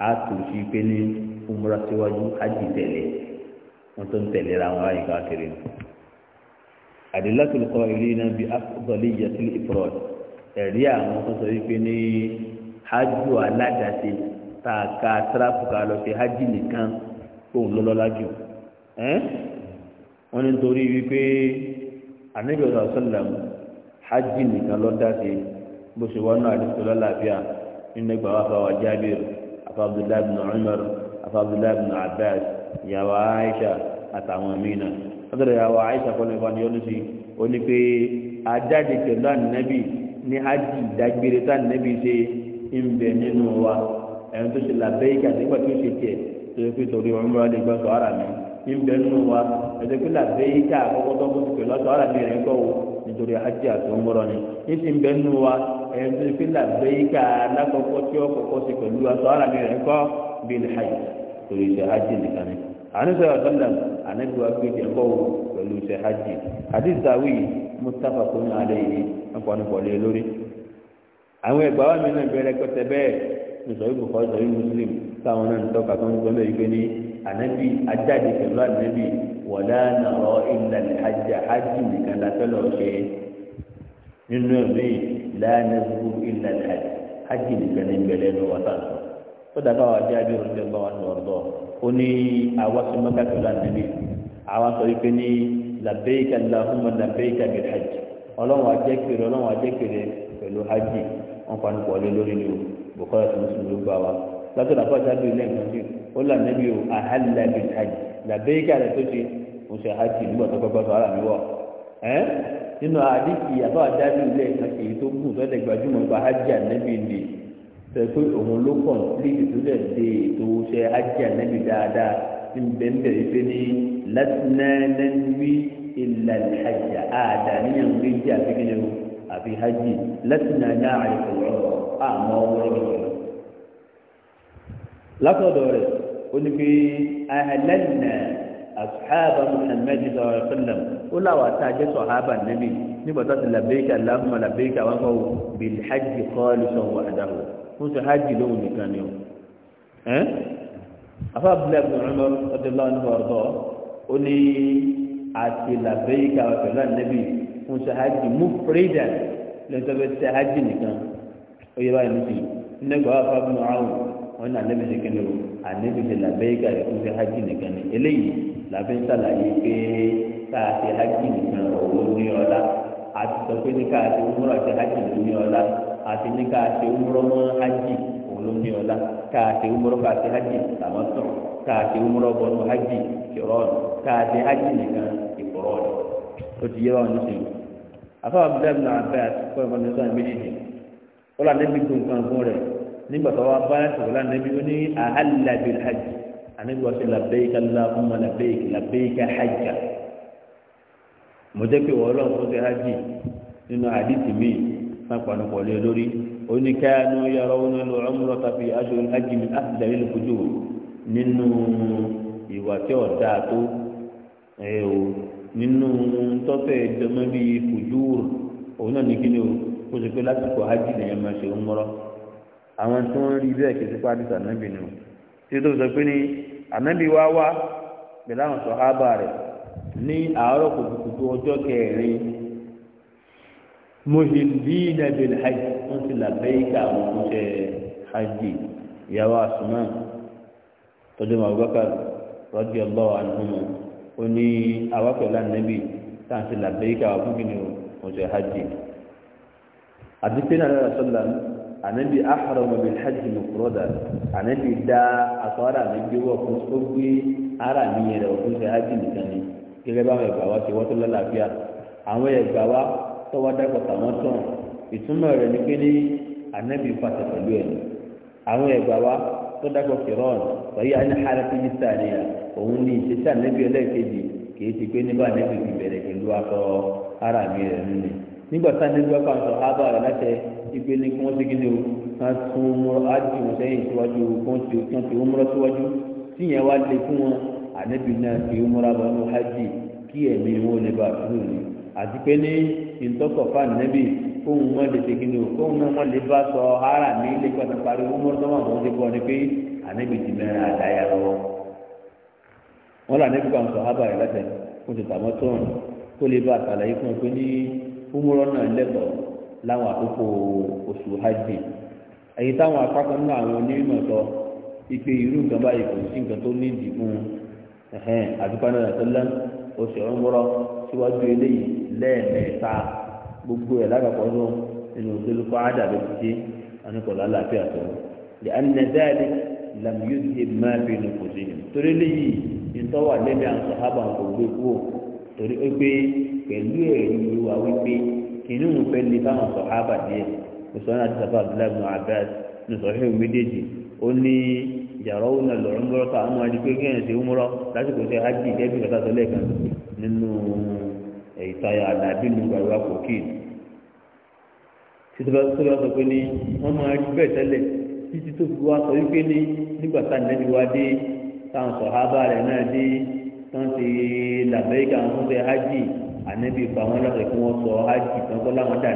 a tò sí pé ní umra síwájú ájì tẹ̀lé wọn tó ń tẹ̀lé ra wọn láyìíká kiri ni. àdìlá tó kọ ilé náà bí akọ́lé yẹ ìfọ̀rọ̀d ẹ̀rí àwọn tó sọ wípé ní hajj aládàáṣe tá a ka tíráàpù ká lọ sí hajj nìkan kó ń lọ́lọ́lá jù wọ́n ní nítorí wípé ànábì ọ̀sán sọ́làm hajj nìkan ló dá sí bó ṣe wọ́n náà àdìsọ lọ́làbíà nínú ẹgbàá wà fáwọn jábìrì afábùdùláì bin ọ̀húnmọ́rù afábùdùláì bin abbas ìyàwó aisha àtàwọn mìíràn lọ́dọ̀ ìyàwó aisha kọ́ni ìfọ̀n ni olùsí ó ní pé ajáde pẹ̀lú ànábì ní hajj ìdágbére tá ṣe ń bẹ nínú wa ẹ̀rọ tó ṣe làbẹ́ ìkàtẹ́gbà tó ṣe tiẹ̀ tó yẹ pé torí ọmọ ìbẹ̀ nù wa ẹ̀jẹ̀ pé làbẹ́yìí a àkọ́kọ́ tó kó ti pè lọ́tọ̀ ọ̀là mi rẹ̀ ń kọ́ o nítorí hajj àti ọmọrọ ni ìsì ń bẹ́ nù wa ẹ̀jẹ̀ pé làbẹ́yìí ká alákọ̀ọ́kọ́ tí ó kọ́kọ́ ti pẹ̀lú ọ̀tọ̀ ọ̀là mi rẹ̀ ń kọ́ bíi hajj torí ìṣe hajj nìkan ni àníṣe ọ̀sánlẹ̀m ànágbèwà gbèjẹ̀ ń kọ́ o pẹ̀lú ìṣe hajj àdìsàwì mustapha kò ní alẹ́ yìí ẹ̀kọ́ ní pọ̀lẹ́ lórí àwọn ẹ̀gbà wa mi náà bẹ̀rẹ̀ pẹ̀tẹ̀ bẹ́ẹ̀ ànábì ajáde pẹ̀lú ànábì wọ̀lá nàrọ̀ ìlànà hajj hajj nìkan lásán lọ ṣe nínú ẹ̀mí lánàbù ìlànà hajj hajj nìkan ní ìbẹ̀lẹ̀ ní wọ́tà sọ. ó dàgbà wà jẹ́ abẹ́ òrùlé bá wọn lọ bọ̀ ó ní àwa sọ mọ́ká pẹ̀lú ànábì àwa sọ wípé ní làbẹ́yìká làhùnmọ́ làbẹ́yìká bẹ̀rẹ̀ hajj ọlọ́run àjẹkẹrẹ ọlọ́run àjẹkẹrẹ pẹ̀lú hajj wọn fani pọ̀ lé lórí ni bùkọ́lá tó ń sùn ló gbà wá látọ̀dọ̀ àpá ìṣáájú ilé nǹkan sí ó là níbi o àhálà bí hajj làbẹ́yíkà rẹ̀ tó ṣe mo ṣe hajj nígbà tó kọ́kọ́ sọ ara mi wọ̀ ẹ́ nínú àdìsí àpá ìṣáájú ilé nǹkan sí èyí tó gùn tó dẹ̀ gbajúmọ̀ gba hajj ànẹ́bí ni sọ pé òun ló kàn lídìí tó dẹ̀ dé ètò ṣe hajj ànẹ́bí dáadáa ní bẹ́ẹ̀ pé ní látìnánẹ́wí ilà hajj àdá níyàn méjì hajj látọ̀dọ̀ rẹ̀ ó ní pé ahàlẹ́nà asuhaba muhammed sallallahu alaihi wa sallam ó láwà tá a jẹ́ sọ̀hábà nẹ́bí nígbà tó ti làbẹ́ẹ̀kì aláhùnmá làbẹ́ẹ̀kì àwọn kan wò bìlì hajj kọ́ọ̀lù sọ̀wọ́ àdáwò fún sọ hajj lóhùn nìkan ni o. afa abdullahi bin umar radiyallahu anhu ọ̀rọ̀ ó ní àti làbẹ́ẹ̀kì àwọn pẹ̀lú ànẹ́bí fún sọ hajj mufrida lẹ́tọ́ bẹ́ẹ̀ sọ hajj nìkan ó yẹ báyìí nígbà wà fábùnú àwọn wọn ní anabi ṣe kíni o anabi ṣe làbẹ́yìká rẹ̀ fún ṣe hajj nìkan ni eléyìí làbẹ́ ń ṣàlàyé pé ká ṣe hajj nìkan òun ní ọ̀la àti sọ pé ní ká ṣe umrọ̀ àti hajj ló ní ọ̀la àti ní ká ṣe umrọ̀ mọ́ hajj òun ló ní ọ̀la ká ṣe umrọ̀ ká ṣe hajj làwọn sọ̀ ká ṣe umrọ̀ hajj kìrọ̀ọ̀nù ká hajj nìkan ìkọ̀rọ̀ọ̀nù ó ti yẹ wọn nísìnyí afáwọn abdulayi bin abdulayi kọ́ ẹ̀fọn ní sọ́ọ̀ nígbà tó wá bá ìṣòwòlá nàbí ó ní àhàlàbí hajj ànábi wá sí làbẹ́yìká láhùnmá làbẹ́yìká làbẹ́yìká hajj mo jẹ́ pé wọ́n lọ́wọ́ fún hajj nínú àdìsí mi sápanu pọ̀lẹ́ lórí oníkanu yàrá wọn lọ ọmọlọ tàbí aṣọ hajj mi àtìdáyé lókojú nínú ìwà tí ò dáa tó ẹ o nínú tọ́tẹ̀ ìjọba bíi òun náà ní kíni o kó o ṣe pé hajj nìyẹn máa ṣe ń mọ́rọ́ àwọn tó ń rí bẹ́ẹ̀ kìí sípá àdìsá ànábì nù tí tó sọ pé ní ànábì wá wá pẹ̀lú àwọn sọ ábà rẹ̀ ní àárọ̀ kùtùkùtù ọjọ́ kẹrin mohindina bin hajj wọn ti làbẹ́yìká àwọn oúnjẹ hajj ìyàwó àsùnmọ́ tọ́jú màá gbọ́kà rọ́jì ọlọ́wọ́ àdúgbò ó ní àwọn pẹ̀lú ànábì táà ti làbẹ́yìká àwọn oúnjẹ hajj àdìpé náà lọ́dọ̀ sọ́dọ̀ ànábì ahrama bil hajj mufrada ànábì dá aṣọ ara mi gbé wọ̀ fún ó gbé ara mi yẹn rẹ̀ fún ṣe hajj nìkan ni gẹ́gẹ́ bá àwọn ẹ̀gbà wa ṣe wọ́tọ́ lọ́làbíà àwọn ẹ̀gbà wa tọ́wọ́ dákọ̀ tàwọn tán ni pé ní ànábì pàṣẹ pẹ̀lú wa ti ara mi ipe ní kí wọ́n ti gíní o kan tún múra ájú wọn sẹ́yìn síwájú kan tí ó kan tí ó múra síwájú tí yẹn wá lé fún wọn ànábì náà tí ó múra bá wọn hajj kí ẹ̀mí wọn lè bá àdúrà ni àti pé ní ìtọ́kọ̀ fún ànábì fóun mọ́ lè ti gíní o fóun náà mọ́ lè bá sọ ara mi lè pàtó parí ó múra sọ́wọ́n àwọn ti bọ́ ni pé ànábì ti mẹ́rin àdáyà lọ́wọ́ wọn là ànábì kó ti tàmọ́tò kó láwọn àkókò oṣù hajj èyí táwọn apákan náà àwọn onímọ̀ sọ ipe irú nǹkan báyìí kò sí nǹkan tó ní ìdìkún àdúgbò àtọ́lá oṣù ọ̀rọ̀ síwájú eléyìí lẹ́ẹ̀mẹ́ta gbogbo ẹ̀ lápapọ̀ lọ nínú olólùkọ́ àdàbò ti ṣe àníkọ̀lá láàfin àtọ́ lè anẹ́dáàlì làmúyòsì máa bí inú kò sí torí lẹ́mí inú mi fẹ́ lè bá wọn sọ ábà díẹ̀ ìsọ̀rọ̀ àti sàfà abdullahi bin abed ní sọ̀rọ̀ ìwé méjèèjì ó ní ìyàrá òun náà lọ́rọ̀ ńlọ́rọ̀ tó àwọn ẹni pé kéèyàn ṣe ń múrọ̀ lásìkò ṣe ájì ìjẹ́bí kàtà sọlẹ̀ kan nínú ìtayà àdàbí nu gbàgbà kòkì títí bá sọ pé ní wọ́n máa rí bẹ́ẹ̀ tẹ́lẹ̀ títí tó fi wá sọ wípé ní nígbà tá nẹ́bí wá dé táwọn sọ̀hábà rẹ̀ náà dé tán ti làbẹ́ẹ̀kì àwọn tó ànábì pa wọn lọ́sẹ̀ kí wọ́n sọ hajj kan láwọn rẹ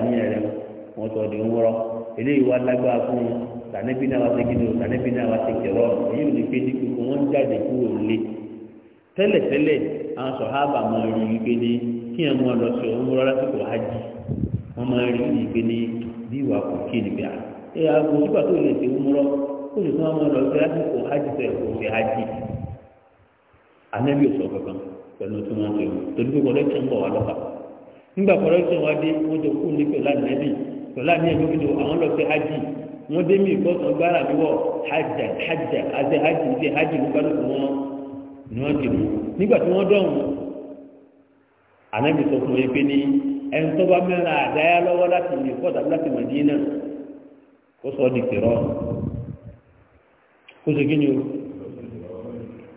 wọ́n sọ eléyìí wá lágbára fún wọn náà wá o náà wá kẹrọ èyí ò ní pé wọ́n jáde kúrò lé tẹ́lẹ̀tẹ́lẹ̀ àwọn sọ̀hábà kí ẹ̀ mọ́ lọ lásìkò wọ́n bí ìwà kò kí ni bíà ẹ àgbo nígbà tó lè lè fún wọn lọ pẹ̀lú tí wọ́n ṣe torí pé kọ̀lẹ́kṣọ̀n ń bọ̀ wá lọ́kà nígbà kọ̀lẹ́kṣọ̀n wá dé wọ́n jọ kú ní pẹ̀lú pẹ̀lú àwọn lọ sí hajj wọ́n dé mí gbára mi wọ̀ hajj hajj àti hajj hajj ló wọn ni wọ́n nígbà tí wọ́n dọ̀hún sọ fún mi pé ní tó bá mẹ́ra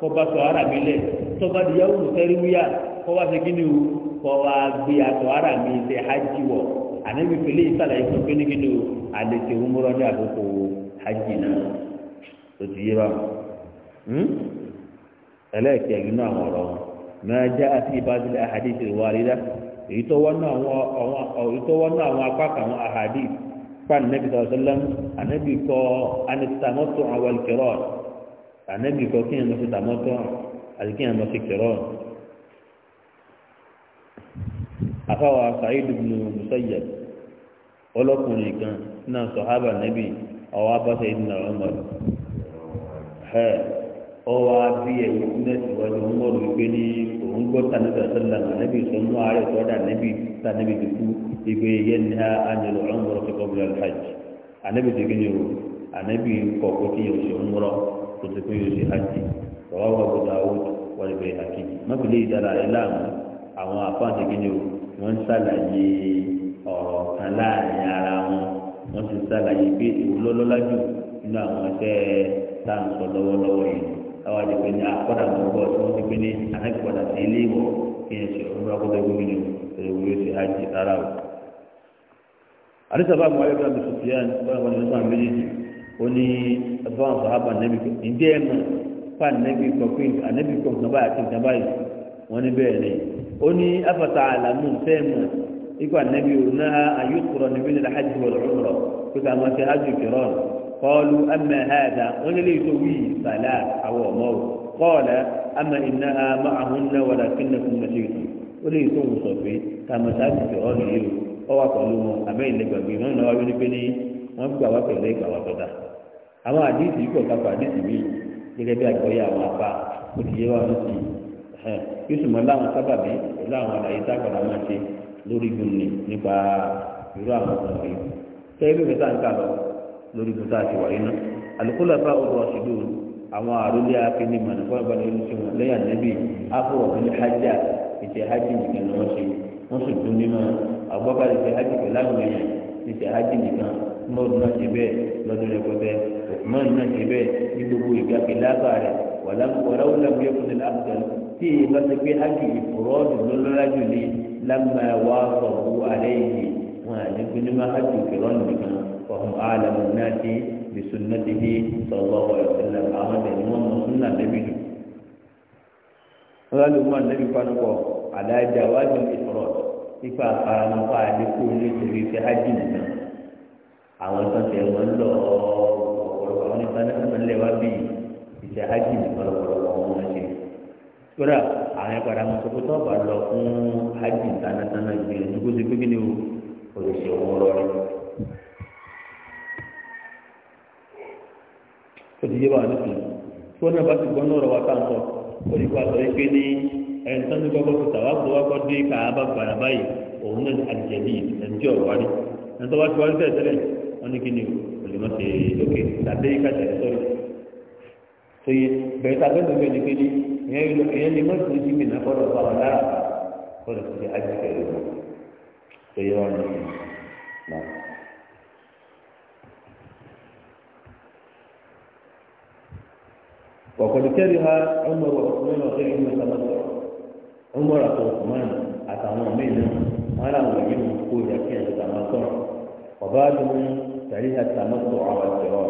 kọba sọ ara mi lẹ tọba di yahoo sẹríwíyà kọba ṣe kí ni o kọba gbé àtọ ara mi ṣe hajj wọ ànábi fèlè ìsàlàyé sọ pé ní kí ni o àlejò múrọ ní àkókò hajj náà o ti yé báwọn hmm? ẹlẹ́ẹ̀kì ẹ̀gbìn àwọn ọ̀rọ̀ wọn máa jẹ́ àti ìbáṣepọ̀ àhàdìsì wàrídá èyí tó wọ́n àwọn apá kan àwọn fún ànábi sọ̀rọ̀ sọ́lá ànábi kọ́ anìtàmọ́tò àwọn ìkẹrọ̀ọ́ ànẹ́bì kọ kí ẹ̀mọ́ sí tàmọ́tọ́ àti kí ẹ̀mọ́ sí kẹrọ afáwà sàídù bùnú musayyad ọlọ́kùnrin kan náà sọ̀hábà nẹ́bì ọwọ́ abáṣẹ́ ìdúnà ọmọd ẹ̀ ọwọ́ bí ẹ̀yìn fúnẹ̀ ọmọd wípé ní òun gbọ́ tànẹ́bì sọ́lá nẹ́bì sọ́nú ààrẹ tọ́dà nẹ́bì kú ìgbé yẹn ní ànyẹ̀lò ọmọd tó ti pé yóò ṣe hajj bàbá wà bó dáwó wọlé bẹ̀rẹ̀ àkì mọ́kìlẹ̀ ìdára ẹ̀ láàmú àwọn àpáǹtì kìíní o wọ́n ń ṣàlàyé ọ̀rọ̀ kan láàrin ara wọn wọ́n ti ṣàlàyé pé ìwúlọ́lọ́lájú nínú àwọn ẹgbẹ́ tá à ń sọ lọ́wọ́lọ́wọ́ yìí àwọn àdìpẹ́ ní akọ́dà gbogbo tí wọ́n ti pé ní ànágbọ́dà sí ilé ìwọ̀ kí n ṣe ọ̀rọ̀ akọ́dà gbogbo yìí pẹ̀lú ìwé ṣe hajj rárá o. àdìsọ́fà mọ́ ayọ́kọ́ àbùsùn ó ní ẹgbẹ́ àwọn sọ̀hábà nẹ́bí kọ́ ǹjẹ́ ẹ mọ̀ pa nẹ́bí kọ́ pé ànẹ́bí kọ́ nǹkan báyìí àti nǹkan báyìí wọ́n ní bẹ́ẹ̀ ni ó ní afata alamu fẹ́ mọ̀ ikú ànẹ́bí o náà ayélujára níbi nílẹ̀ hajj wọlé ọ̀rọ̀ pé ká máa ṣe hajj kìrọ̀ kọ́ọ̀lù ẹ̀mẹ̀ hàdà wọ́n lé lẹ́yìn tó wí sàlá àwọ̀ ọ̀mọ́ o kọ́ọ̀lẹ̀ ẹ̀mẹ̀ iná máa àhún náà wọlé akínnàkùn náà ṣe ètò ó lè tó ń sọ pé ká máa ṣe hajj kìrọ̀ nìyí o ọ wà pẹ̀lú wọn àmẹ́ ìlẹ̀gbàgbé wọn náà wá wí ní pé ní wọ́n gbà wá pẹ̀lú ìgbà wà tọ́ta àwọn àdéhìsì yìí kò ká fún àdéhìsì míì gẹ́gẹ́ bí àgbọ̀yé àwọn afá ó ti yé wa ló sì yóò sì mọ láwọn sábàbí láwọn àlàyé sábàbí máa ṣe lórí gbòmìnì nípa irú àwọn ọ̀sán yìí tẹ́lẹ̀ ìgbésà ń kà lọ lórí gbòmìnì tá a ti wà yín náà àlùkòlò àbá ọ̀rọ̀ ṣìlú àwọn àròlé afinimọ̀nà fún àgbàdo olùsèwọ̀n lẹ́yìn ànábì afọ ọ̀gbìn hajj ìṣe hajj nìkan ni wọ́n ṣe wọ́n sì dún nímọ̀ àgbọ́bá lè ṣe hajj pẹ̀lú àwọn èèyàn ti ṣe hajj nìkan mọ́ọ̀dù náà ṣe bẹ́ẹ̀ lọ́dún rẹpẹtẹ mọ́ọ̀dù náà ṣe bẹ́ẹ̀ ní gbogbo ìgbà pẹ̀lú àgbà rẹ̀ wàláwùláwù yẹ kúndé lábùdàn tí ìbá ti pé hajj ìfòrọ́ọ̀dù lọ́lọ́lájú ni lámà wà sọ̀kú alẹ́ yìí wọn àti gbẹdúmọ́ hajj kìlọ́ọ̀nù nìkan ọ̀hún àlàmù náà ti bisunatihi sọlọ́wọ́ ìṣẹ̀lẹ̀ àwọn tẹ̀lé wọn mọ súnà lẹ́bi dùn. wọ́n lálẹ́ wọn lẹ́bi fanukọ̀ fífa àfaramọ́ fún àdínkù nítorí fẹ́ hajj nìkan àwọn tó tẹ̀ wọ́n lọ ọ̀pọ̀lọpọ̀ àwọn nípa náà wọ́n lẹ̀ wá bí ìfẹ́ hajj nìkan lọ́pọ̀lọpọ̀ wọn wọ́n ṣe. kódà àwọn ẹ̀kọ́ àdàmọ́ sọ́kó tó bá lọ fún hajj tánátáná gbìyànjú kó ṣe pé kí ni òṣìṣẹ́ wọn lọ rẹ̀. ó ti yé wa nítorí tí wọ́n náà bá ti gbọ́ náà rọ̀ wá táǹkọ̀ ó ti kó àtọ̀ ẹni tó ní kọ́kọ́ fi tàwáfù wá kọ́ dé káàbà gbàrà báyìí òun náà àjẹbí ẹnjẹ ọ̀wárí ẹni tó wá ti wárí bẹ́ẹ̀ tẹ́lẹ̀ wọ́n ní kí ni kò lè má ṣe lókè tàbí kájà ẹ̀ sọ́rọ̀ tó yẹ bẹ̀rẹ̀ tàbí ẹ̀mí bẹ́ẹ̀ ni pé ní ìyẹn lè má ṣe ní jìmì náà kọ́dọ̀ bá wà lára kọ́dọ̀ sí àjẹkẹ̀ rẹ̀ tó yẹ wọn náà. وقد كره عمر وعثمان وغيرهم التمتع bọ̀ umar àti osman àtàwọn míì náà wọn làwọn wọnyí wọn kó ìyá kí ẹ lọta máa tọ ọba àdùn tàrí àtà máa tọ àwọn àjọrọ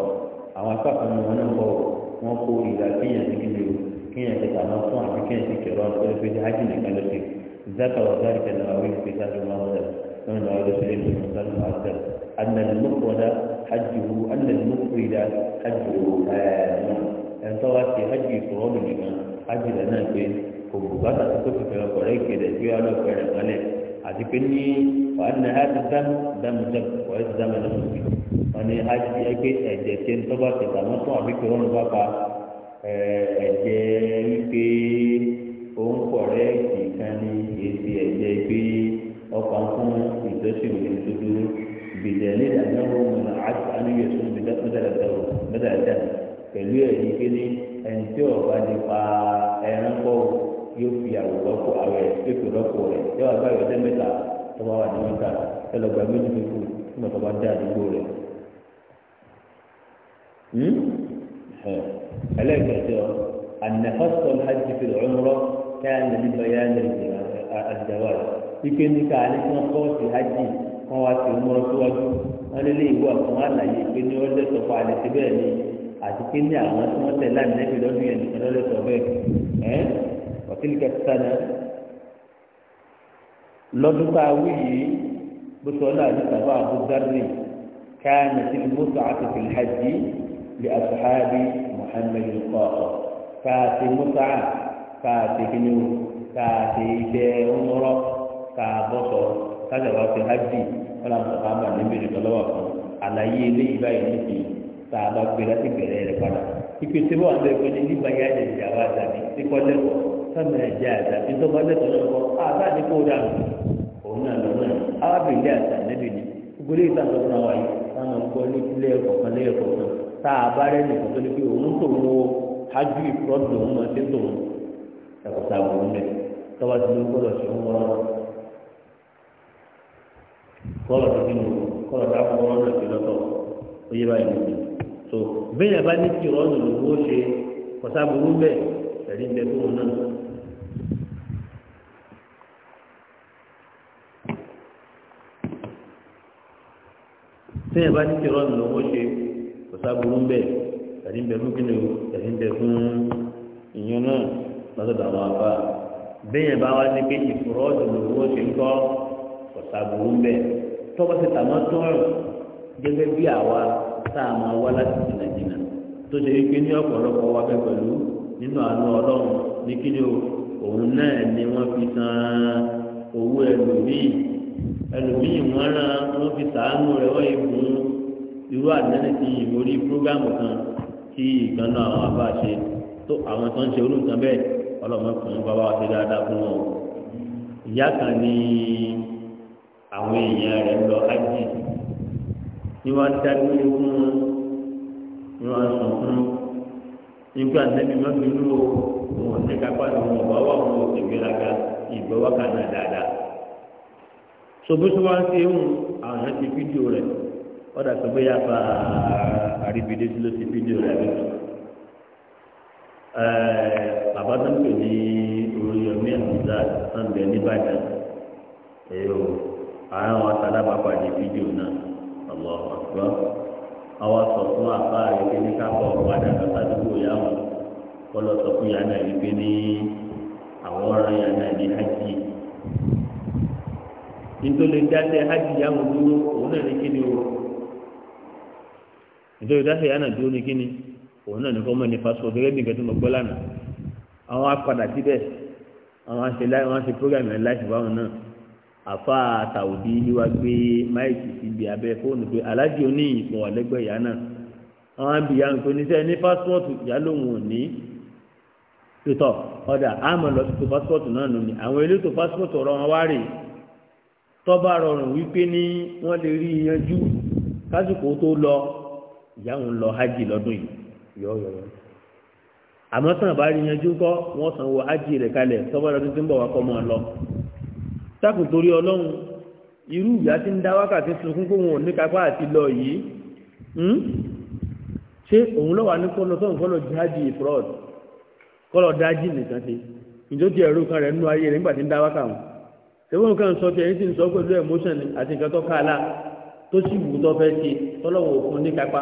àwọn akọkàn wọn náà bọ wọn kó ìyá kí ẹ ti kíni o kí ẹ lọta máa tọ àti kí ẹ ti kẹrọ ọtọrọ pé ní hajj nìkan ló ti ذكر ذلك النووي في كتاب المعدل من النووي في كتاب المعدل أن المفرد kò bùkátà tó tó fìfẹ́ ọkọ̀rẹ́ ìkéde tí ó yà lọ fẹ́rẹ̀ mọ́lẹ̀ àti pé ní wàhálà hajj dámú dámú dámú wàhálà ti dámú dámú bí wọn ni hajj yẹ pé ẹ̀jẹ̀ tí ń tọ́ba ti tà mọ́tò àbí pé wọ́n bá pa ẹ̀jẹ̀ wípé òun kọ̀rẹ́ ìkan ní èsì ẹ̀jẹ̀ pé ọkàn fún ìtọ́sìn òun dúdú bìdẹ̀lẹ́ ìdájọ́ wọn àti àníyẹ̀sùn mẹ́tàlẹ́dàwọ̀ mẹ́tàlẹ́dà pẹ̀lú ẹ̀yìn pé ní ẹni tí ọ̀bá ti pa ẹran kọ́ yóò fi àwọ̀ lọ́kọ̀ àwẹ̀ ètò lọ́kọ̀ rẹ̀ yóò wá gbàgbé ọdẹ mẹ́ta tó bá wà ní mẹ́ta ẹlọgbà méjì tó kù nígbà tó bá dé àdúgbò rẹ̀. Hmm? ẹlẹ́gbẹ̀jọ ànàfọ́sọ̀ hajj fi ọ̀rọ̀ káyà nípa yá nípa àdìjáwá rẹ̀ wípé níka àníkàn kọ́ọ̀sì hajj kan wá sí ọmọ síwájú wọn lé léèwọ àwọn àlàyé pé ní ọdẹ sọpọ àlẹ síbẹ̀ ni àti pé ní àwọn tí wọn tẹ láti nẹbi lọdún yẹn وتلك السنة لدوكا وي بسولا لتبع أبو ذر كانت المتعة في الحج لأصحاب محمد القاصر فاتي متعة فاتي كنو فاتي عمرة فاتي kájàwá ti hajj wọn làwọn sọfà máa ní bèrè lọ́wọ́ kan àlàyé eléyìí báyìí níbi tá a bá gbé láti bẹ̀rẹ̀ rẹ̀ padà ìpèsè wọn àti ẹgbẹ́ ní nígbà yá ẹ̀jẹ̀ àwa àtàbí tí kọ́ lẹ́kọ̀ọ́ fẹ́mi ẹ̀jẹ̀ àdá ìjọba lẹ́tọ̀ lọ́kọ́ àbáàdé ah, kó dànù òun náà lọ́nà arábìnrin àti ànẹ́bì ni gbogbo ìta tó fún wa yìí táwọn ọkọ ní ilé ẹ̀kọ́ kan lé ẹ̀kọ́ kan tá a bá rẹ́ nìkan tó ní pé òun tó wo hajj ìfúrọ́dù òun máa ṣe tòun ẹ̀kọ́ tá a wò ń bẹ̀ tọ́wọ́ ti ní kọ́lọ̀ ṣe ń wọ́n kọ́lọ̀ tó kí ni kọ́lọ̀ tá a fọwọ́ náà ṣe lọ́tọ̀ ó yé báyìí nìyí so bẹ́ẹ̀ yẹn bá ní kí ọ̀rọ̀ nìyí tẹ́yìn bá ní kí rọ́ọ̀nù lọ́wọ́ ṣe kò sábúrú ń bẹ̀ ẹ̀rí ń bẹ fún kíni o ẹ̀rí ń bẹ fún ìyún náà lọ́sọ̀dọ̀ àwọn afá bẹ́yìn bá wá ní pé ìfúrọ́ọ̀dù lọ́wọ́ ṣe ń kọ́ kò sábúrú ń bẹ̀ tọ́wọ́ ti tàmọ́ tọ́rọ̀ gẹ́gẹ́ bí àwa tá a máa wá láti jìnnàjìnnà tó ṣe pé ní ọ̀pọ̀lọpọ̀ wa fẹ́ pẹ̀lú nínú àánú ọlọ́run ní kíni o òun náà ni wọ́n fi san owó ẹlòmíì ẹlòmíì wọn rán wọn fi sàánú rẹ wọ́n ìbùn irú àdánù ti ìmórí prógámù kan tí ìkan náà àwọn abá ṣe tó àwọn tó ń ṣe olóǹkan bẹ́ẹ̀ ọlọ́mọkùnrin bàbá wa ṣe dáadáa fún wọn ìyá kan ní àwọn èèyàn rẹ̀ lọ hajj ni wọ́n dágbére fún ni wọ́n sùn fún nígbà nẹ́bí mọ́bìnrin o òun ò ní kápá ni wọn ò bá wà wọn ò ìgbọ́wọ́ kan náà dáadáa sobo tí wọ́n ṣe ń àwọn yẹn ti fídíò rẹ̀ ọ̀dà tó gbé yàtọ̀ àríbidé tí ló ti fídíò rẹ̀ bí. bàbá tó ń pè ní oríyọmí àbúzá sànbẹ nìbàdàn ẹ̀yọ àwọn àtàlábà pàdé fídíò náà ọ̀lọ́ ọ̀gbọ́ àwọn sọ fún àpá rẹ̀ pé ní káfọ́ padà lọ́sàdúgbò yá wọn kọ́ lọ fún yàrá yìí ní àwọn ọ̀ràn yàrá yìí hajj nítorí dáṣẹ hajj yàwọn dúró òun náà ní kíni o nítorí dáṣẹ yàwọn náà dúró ní kíni òun náà ní kọ́ mọ́ ní pásítọ̀ gẹ́gẹ́ bí nǹkan tó mọ̀ gbọ́ lánàá àwọn apàdà síbẹ̀ àwọn aṣèláì wọn ṣe programme ẹ̀ láti báwọn náà àfa àtàwùdí wá gbé máìkì síbi abẹ́ fóònù pé aláàjì oní ìpọ̀ ọ̀lẹ́gbẹ̀ ìyá náà àwọn abìyá nǹkan oníṣẹ́ ní pásítọ̀tù ìyá lòun ò ní tó tọ̀ ọ̀dà àmọ̀ lọ sí tó pásítọ̀tù náà nù ní àwọn elétò pásítọ̀tù ọ̀rọ̀ wọn wá rèé tọ́ba rọrùn wípé ní wọ́n lè rí yanjú kásìkò tó lọ ìyá òun lọ hajj lọ́dún yìí yọ̀ọ̀yọ̀yọ̀ àmọ́ sàn bá rí yanjú kọ́ wọ́n san wo hajj rẹ̀ kalẹ̀ tọ́ba lọ́dún tí ń bọ̀ wá kọ́ máa lọ. sákùn torí ọlọ́run irú ìyá tí ń dá wákàtí sunkún kó wọn ò ní kápá àti lọ yìí hmm? ṣé òun lọ́wọ́ ní kọ́ lọ sọ́run kọ́ lọ jihad fraud kọ́ lọ dájì nìkan ṣe ìjọ́jì ẹ̀rọ kan rẹ̀ nínú ayé rẹ̀ nígbà tí ń dá wákàtí ṣèwọ́n nǹkan sọ pé èyí sì ń sọ pẹ̀lú emotion àti nǹkan tó káàlà tó sì wù tó fẹ́ ṣe tọ́lọ́wọ́ òfin ní kápá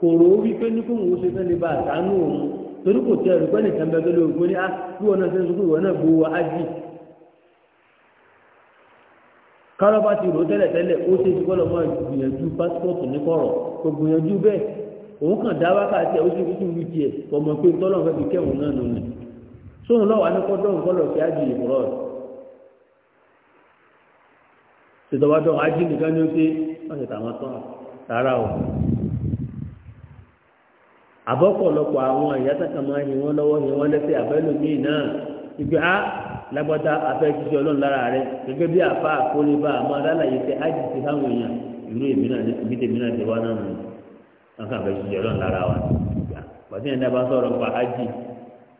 kò rò ó wípé ní kóhùn ó ṣe fẹ́ lè ba àtàánú òun torí kò tẹ ẹ̀rù pẹ́ẹ́nì kan bẹ́ẹ̀ lórí ògbó ní á ah, bí wọn náà ṣe ń sọ pé ìwọ náà gbowó ájì kárọ́bá ti rò tẹ́lẹ̀tẹ́lẹ̀ ó ṣe ti kọ́lọ́ máa gbìyànjú pásítọ̀tù ní kọ̀rọ̀ kò gbìyànjú bẹ́ẹ̀ òun kàn dá wákàtí ó ṣe fi wí tiẹ̀ ọmọ pé tọ́lọ́ fẹ́ fi kẹ́hùn náà nù ní sóhun lọ́wọ́ anúkọ́dọ́hùn kọ́lọ̀ fi ájì ìmọ̀rọ̀ tìtọ́wádọ́ ají nìkan ní ó ṣe wọ́n ṣe tàwọn tán rárá o àbọ̀pọ̀lọpọ̀ àwọn ìyátàkàmọ́ ni wọ́n lọ́wọ́ ni wọ́n lẹ́sẹ̀ àbẹ́lòmíì náà ìgbé á lágbọ́dá afẹ́jíṣẹ́ ọlọ́run lára rẹ gẹ́gẹ́ bí àfa àkóníbá àmọ́ alálàyé tẹ ájì ti fáwọn èèyàn ìlú èmi náà níbi tèmi náà ti wá náà nù wọn kàn afẹ́jíṣẹ́ ọlọ́run lára wa pàṣẹ yẹn dábàá sọ̀rọ̀ pa ájì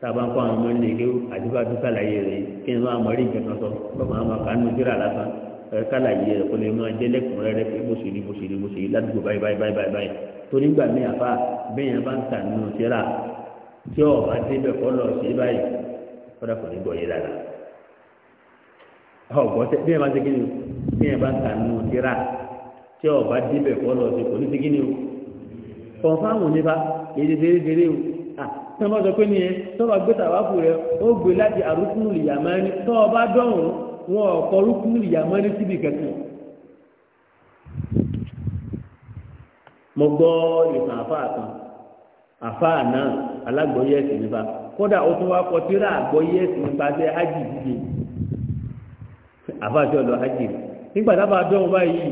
tá a bá ń kọ́ àwọn ọmọ ilé ìkéwù àdúgbò àdúgbò àlàyé rẹ kí ni wọ́n á mọ̀ rí ìjẹ̀kan sọ lọ́kàn á mọ̀ jíra lásán kálàyé rẹ̀ kó lè máa jẹ́ lẹ́kùnrẹ́rẹ́ pé mo ṣe ni mo ṣe ni mo ṣe ládùúgbò báyìí báyìí báyìí báyìí torí gbà mí àfa bẹ́ẹ̀ yẹn bá ń tà nínú tíra tí ọba débẹ̀ kọ́ lọ ṣe báyìí kọ́dà kò ní gbọ́ yé dára ọgbọ́n tẹ bẹ́ẹ̀ bá ń segin ni bẹ́ẹ̀ bá ń tà nínú tíra tí ọba débẹ̀ kọ́ lọ ṣe kò ní segin ni o kọ̀ǹfàmù ní bá èdè fèrèfèrè o tọ́ba sọ pé nìyẹn tọ́ba gbé tàwáfù rẹ ó gbé láti àrùkù lìyàmá ní tọ́ba dọ̀hún wọn ọ̀pọ̀ rúkún ìyàmọ́ ní síbi kẹ̀kẹ́ mo gbọ́ ìtàn àfáà kan àfáà náà alágbọ̀ọ́yé ẹ̀sìn nípa kódà ó tún wá kọ tíra àgbọ̀ọ́yé ẹ̀sìn nípa ṣe ájì dídì àfáà tí ọ̀dọ̀ ájì nígbà tábà dọ́wọ́ báyìí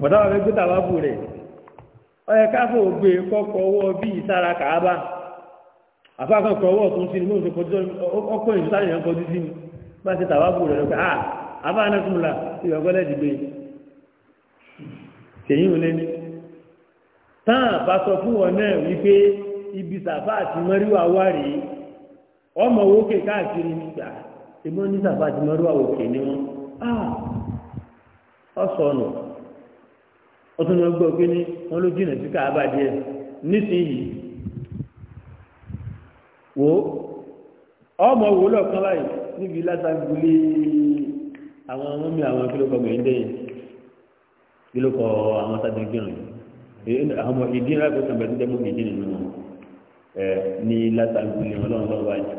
bọ̀dá wa fẹ́ gbé tàbá bù rẹ̀ gbé kọ́kọ́ ọwọ́ bíi sára kàá àfáàkàn kan ọwọ́ ọ̀tún sí ni mo ń sọ kọjú ọkọ̀ ìlú sáré yẹn kọjú sí ni bá ṣe tàwa bù rẹ̀ lọ́pẹ́ ah àfáàná tún la ìwà gbọ́dẹ̀ dìgbé tèyí ò lé ní. tán bá sọ fún wọn náà wípé ibi sàfà àti mọ́ríwá wà rèé ọmọ owó kè káàkiri nígbà èmi ní sàfà àti mọ́ríwá òkè ni wọn ah ọ̀sọ̀nù ọtún ni wọ́n gbọ́ pé ní wọ́n ló jìnà sí káàbà díẹ̀ nísìnyìí wo ọmọ wo lọ́ọ̀kan báyìí níbi látàgbélé àwọn ọmọ mi àwọn kílókọ̀ gbẹ̀yìn dẹ́yìn kílókọ̀ àwọn sádẹ́gbẹ̀rún àwọn ọmọ ìdí ńlá tó bẹ̀rẹ̀ tó ìdí nínú wọn ní látàgbélé wọn lọ́wọ́ lọ́wọ́ báyìí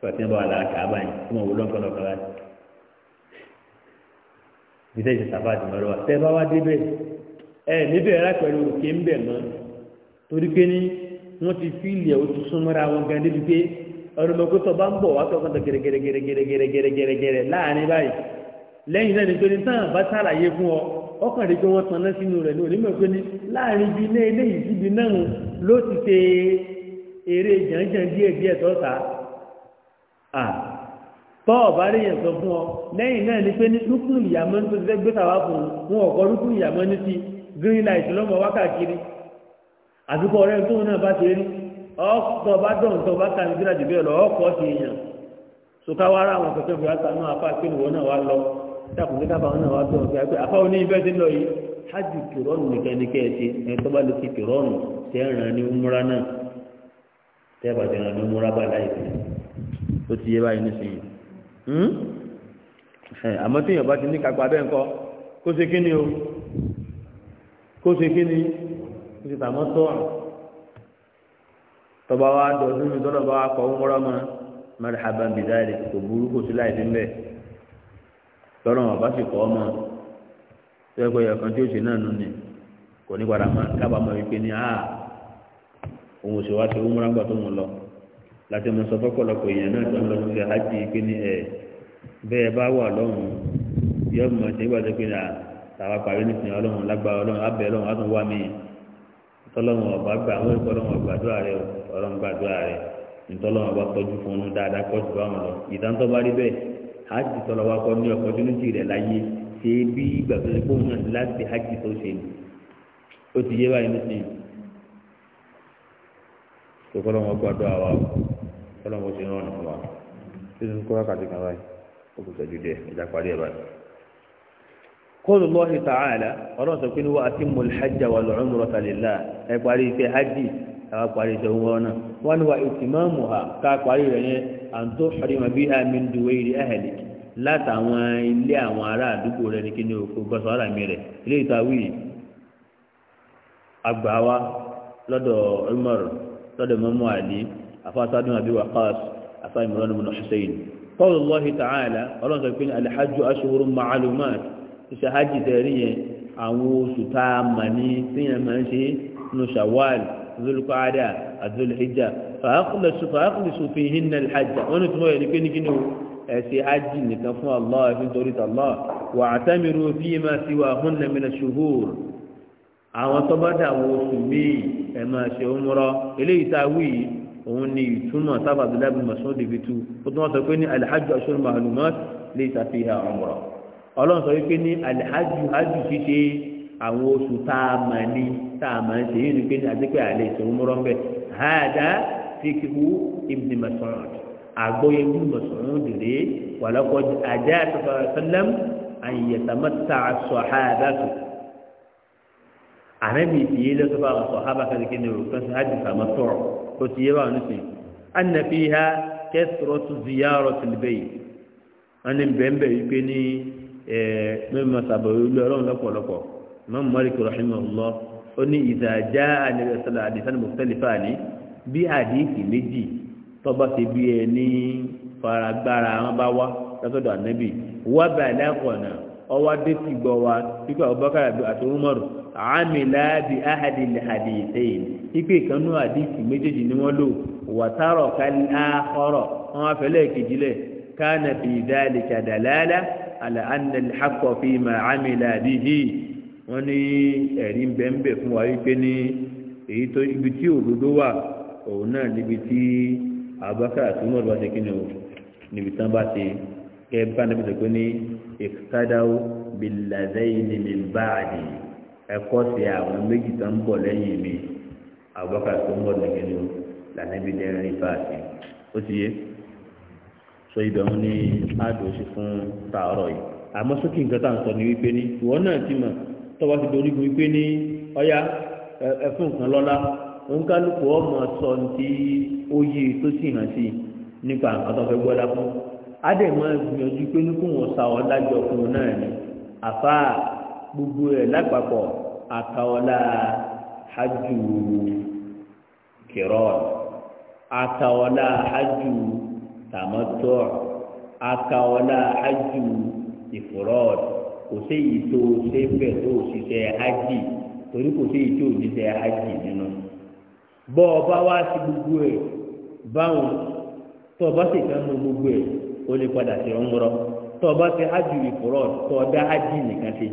pàtẹ́ bá wà láàkà báyìí ọmọ wo sábà tẹ́ bá wá débẹ̀ ẹ̀ níbẹ̀ wọ́n ti fíìlì ẹ̀ o ti súnmọ́ra wọn gan débi pé ọ̀rọ̀mọ̀kútọ̀ bá ń bọ̀ wá tọkàn tán gẹ̀rẹ́gẹ̀rẹ́gẹ̀rẹ́gẹ̀rẹ́gẹ̀rẹ́ láàrin báyìí lẹ́yìn náà nítorí tán bá sàlàyé fún ọ ọkàn rẹ̀ pé wọ́n tan náà sínú rẹ̀ ní onímọ̀ pé ní láàrin bíi ilé ilé yìí síbi náà ló ti ṣe eré jàǹjàǹ díẹ̀ díẹ̀ tọ́ta tọ́ ọ̀bá rí yẹn sọ fún ọ lẹ́yìn náà ni pé ní rúkùn ìyàmọ́ tó fẹ́ gbé tàwa fún wọn ọ̀kọ́ rúkùn ìyàmọ́ ní ti green light lọ́mọ wákàkiri àdúgbò ọ̀rẹ́ tóun náà bá ti rí ọkọ̀ bá dọ̀ nǹkan bá kàmí síra jù bẹ́ẹ̀ lọ ọkọ̀ ti yàn sọ̀ká wá rà àwọn kẹ̀kẹ́ fìyà sànú apá akéwìwọ́ náà wá lọ dàkùnkẹ́ kábà wọn náà wá dọ̀ nǹkan pé àfáwọn ní ibẹ̀ ti lọ yìí hajj kìrọ́ọ̀nù nìkan ní kẹ́ bá lè ti kìrọ́ọ̀nù tẹ́ ẹ̀ràn ní múra náà tẹ́ ni o kó ṣe kí ó ti tàmọ́ tọ́ọ̀rù tọba wa dọ̀tún mi tọ́lọ̀ bá wa kọ́ ń wọ́rọ́ mọ́ mẹ́rẹ̀ẹ́dàbọ̀n bìdáìlì kò burú kò sí láì fi ń bẹ̀ lọ́rọ̀ wọn bá sì kọ́ ọmọ tó yẹ kó yẹ kan tí ó ṣe náà nù ni kò ní padà máa kábàámọ̀ wípé ní a òun ò ṣe wá sí owó múra gbà tó ń lọ láti mọ sọ fọ́pọ̀lọpọ̀ èèyàn náà tó ń lọ sí àjì pé ní ẹ̀ bẹ́ẹ̀ bá wà lọ́hùn yọ́ọ̀mọ̀ ṣe é gbàdúrà pé ní àtàwọn parí nísìnyí ọlọ́run lágbára ọlọ́run abẹ́ ọlọ́run á tún wá míì tọ́lọ́wọ́n ọba gbà wọ́n ìkọ́lọ́wọ́n gbàdúrà rẹ ọlọ́run gbàdúrà rẹ ntọ́lọ́wọ́n ọba tọ́jú fún un dáadáa kọ́jú bá wọn lọ ìdáńtọ́ bá rí bẹ́ẹ̀ hajj tọ́lọ́wọ́ akọ ní ọ̀pọ̀tunítì rẹ̀ láyé ṣe bí ìgbà tó ṣe fóun náà láti hajj tó ṣe ni ó ti yé báyìí nísìnyí kó kọ́lọ́wọ́n gbàdúrà wa kọ́lọ́wọ́n ṣe rán ọ̀nà wa kóòlù lọ́ọ̀hì tààlà ọlọ́run sọ pé ní wọ́n àti mọ̀lẹ́hàjà wà lọ́rùn mọ̀rọ̀ tàlélà ẹ parí iṣẹ́ hajj ká parí iṣẹ́ wọn náà wọ́n ní wà ìtìmọ́ọ̀mù ha ká parí rẹ̀ yẹn àǹtó xarima bí ha mi ń duwé ilé ahẹ́lì látàwọn ilé àwọn ará àdúgbò rẹ̀ ní kíni òkú gbọ́sọ̀ ara mi rẹ̀ ilé ìtawí àgbàwa lọ́dọ̀ umar lọ́dọ̀ mọ́mọ́ àdí afásádùn àbí wàkàs afáìmọ̀lọ́nù mọ̀nà iṣẹ́ hajj tẹ̀rí yẹn àwọn oṣù tá a mà ní tíyẹn máa ń ṣe nù ṣàwáàlì zolukada azolhijja fàákùlẹ̀sù fi hinna hajj wọn ni tí wọ́n yẹ ní pé ní kí ni o ẹ̀ṣẹ̀ hajj nìkan fún allah ẹ̀fín torí tàlọ́ wà á tẹ́mìrú bí i máa ti wà hún lẹ́mìnà ṣùgbọ́n àwọn tó bá dà wọ oṣù míì ẹ̀ máa ṣe ń eléyìí tá a wí yìí òun ni ìtumọ̀ sábà abdullahi bin masoud ibi tu ó tún wọ́n sọ pé ní alhajj aṣọ́nù mahalumat lè ṣàfihàn ọmọ ọlọ́run sọ wípé ní alihaju haju ṣíṣe àwọn oṣù tá a mà ní tá a mà ń ṣe yìí ni pé ní àdépé àlè ìṣòro mọ́rọ́ ń bẹ̀ hàdá fíkìhù ibùdó mọ̀sánrọ̀d àgbóyè ibùdó mọ̀sánrọ̀d rèé wàlọ́kọ̀ àjẹ́ àtọ́fà sẹ́lẹ̀m àyẹ̀tàmọ́ta sọ̀hádàtò àrẹ́bì ìfìyé lọ́sọ́fà àwọn sọ̀hábà kàdìkì ní òrùka sọ́hádì sàmọ́tọ̀ ó ti yé báwọn nísìnyí annafiha kẹsìrọ́tù ziyarọ̀ tìlbẹ̀yì wọn ni bẹ́ẹ̀ bẹ́ẹ̀ wípé ní Eh, mẹ́mọ́ sàbẹ̀wò ilé ọlọ́run lọ́pọ̀lọpọ̀ mọ́mú mọ́ríkì rahimahulọ́ ó ní ìzàjá àníbẹ̀ sọ́lá àdìsánì mọ̀tẹ́lifà ní bí àdìsí méjì tọ́ba ti bí ẹ ní faragbára wọn bá wá lọ́sọ̀dọ̀ ànábì wá dé gbọ́ wa pípẹ́ ọ̀bọ́kàrà àti ọmọrù àmìlá bí áhàdì lẹ́hàdì ìtẹ́yìn pípẹ́ ìkànnú àdìsí méjèèjì ni wọ́n lò kálí áhọ́rọ̀ kejìlẹ̀ كان في ذلك دلالة على أن الحق فيما عمل به wọ́n ní ẹ̀rí ń bẹ ń bẹ fún wa wípé ní èyí tó ibi tí òdodo wà òun náà níbi tí abakar àti umar bá ṣe kí ni o níbi tán bá ṣe kẹ bá níbi tó pé ní ìkádàwó bìlàdẹ́yìn ní báàdì ẹ̀kọ́ sí àwọn méjì tán bọ̀ lẹ́yìn mi abakar àti umar ní kí ni o lànà ibi dẹ́rìn báàdì ó ti yé so ibẹ̀ wọn ni àdòsí fún tààrọ̀ yìí àmọ́ sókè nǹkan tá à ń sọ ni wípé ní ìwọ náà ti mọ̀ tọ́wọ́ ti dorígun wípé ní ọ̀yá ẹ̀fún nǹkan lọ́la òǹkálùkù ọmọ sọ ti oyè e tó sì hàn sí nípa nǹkan tó fẹ́ gbọ́dá fún ádẹ́mọ́ gbìyànjú pé ní kò wọ́n sa fún un náà ni àfa gbogbo ẹ̀ lápapọ̀ àkàọ́lá hajj kìrọ́ọ̀ àkàọ́lá hajj. tàmọ́tọ́ akáwọlá ájú ìfúrọ́ọ̀d kò séyìí tó sẹ́fẹ̀ tó ṣiṣẹ́ ájì torí kò séyìí tó ṣiṣẹ́ ájì nínú. bọ́ ọ bá wá sí gbogbo ẹ̀ báwọn tó o bá sì gbogbo ẹ̀ o lè padà sí ọmọrọ tó o bá ṣe tó o dá ájì nìkan ṣe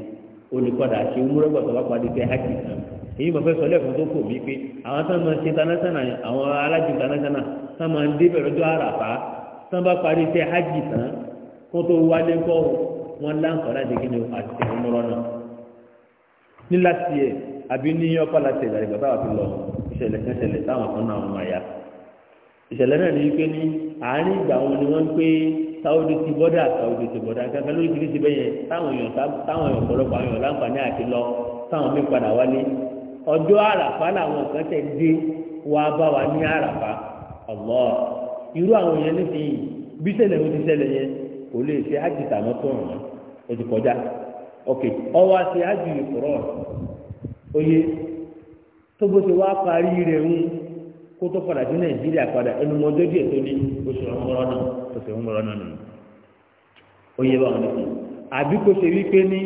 o lè padà ṣe ọmọrọ gbọ́dọ̀ bá padà ájì kan èyí bàbá sọ lẹ́kọ̀ọ́ tó kò mí pé àwọn ṣe àwọn máa ń tán bá parí iṣẹ́ hajj tán kó tó wálé kọ́ wọn láǹkọ̀ láti kí ni àti ìmúrọ̀ náà ní láti yẹ àbí ní ọ̀pá láti ẹ̀dá ìgbà báwa fi lọ ìṣẹ̀lẹ̀ kẹsẹ̀lẹ̀ táwọn kan náà wọn àyà ìṣẹ̀lẹ̀ náà ní wípé ní àárín ìgbà wọn ni wọ́n ń pé sáwọ́dì ti bọ́dà sáwọ́dì ti bọ́dà gàgà lórí ti fi ti bẹ́yẹn táwọn èèyàn táwọn èèyàn ọ̀pọ̀lọpọ̀ àwọn èèyàn láǹfààní àti lọ táwọn mi padà wálé ọjọ́ àràfá làwọn kan tẹ̀ dé wá bá wa ní àràfá ọ̀gbọ́n irú àwọn èèyàn nísìnyí bí sẹ́lẹ̀ ó ti sẹ́lẹ̀ yẹn kò lè ṣe ájì tàmọ́ tó o ó ti kọjá ok ọwọ́ àti ájì ìkọ̀rọ̀ oyè tó bó ṣe wá parí rẹ̀ ń kó tó padà sí nàìjíríà padà ẹnu mọ́jọ́ díẹ̀ tó ní oṣù ọmọrọ́ náà oṣù ọmọrọ́ náà nù oyè bá wọn nísìnyí àbí kó ṣe wípé ní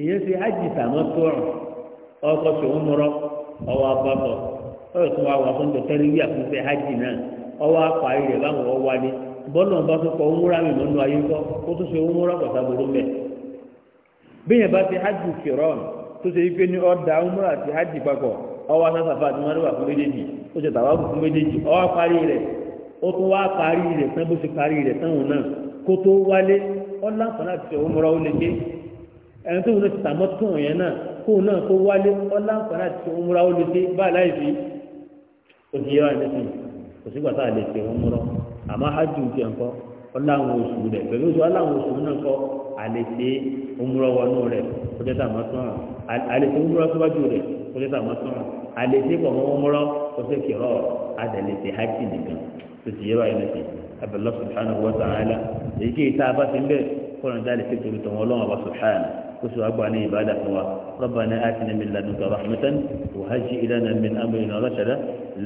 ìyẹn ṣe ájì tàmọ́ tó hàn ọkọ̀ ṣòwò mọ́rọ́ ọwọ́ abábọ̀ ọ̀rọ̀ tó wá wà fún wíyà ọwọ́ apààyè rẹ̀ báwọn ọwọ́ ni bọ́ọ̀lù ọba tó kọ òmúra mi mọ́nú ayé kọ́ ó tún ṣe òmúra pọ̀tà gbogbo mẹ́. bíyẹn bá ti hajj kìrọ́ọ̀n tó ṣe wípé ní ọ̀dà òmúra àti hajj papọ̀ ọwọ́ asáfàfà àti mọ́lẹ́wà fún méjèèjì ó ṣe tàwa fún méjèèjì ọwọ́ parí rẹ̀ ó tún wá parí rẹ̀ tán bó ṣe parí rẹ̀ táwọn náà kó tó wálé ọ̀làǹfà láti ṣe òmúra ó lè dé ẹni tó wù lọ́ọ́ ti tàmọ́ tó yẹn náà kó kò sígbà tá a lè pè wọn mọ́rọ́ àmọ́ hajj ti ẹ̀kọ́ ọláwọn oṣù rẹ̀ pẹ̀lú oṣù aláwọn oṣù náà kọ́ àlèṣe òmùrọ̀ wọnú rẹ̀ kó jẹ́ tàmọ́ tán àlèṣe òmùrọ̀ síwájú rẹ̀ kó jẹ́ tàmọ́ tán àlèṣe pọ̀ mọ́ òmùrọ̀ kó sì kìrọ̀ àdàlèṣe hajj nìkan tó ti yẹ báyìí lọ́sẹ̀ abẹ́lẹ́ subhanahu wa ta'ala èyí ربنا آتنا من لدنك رحمة وهجي إلينا من أمرنا رشدا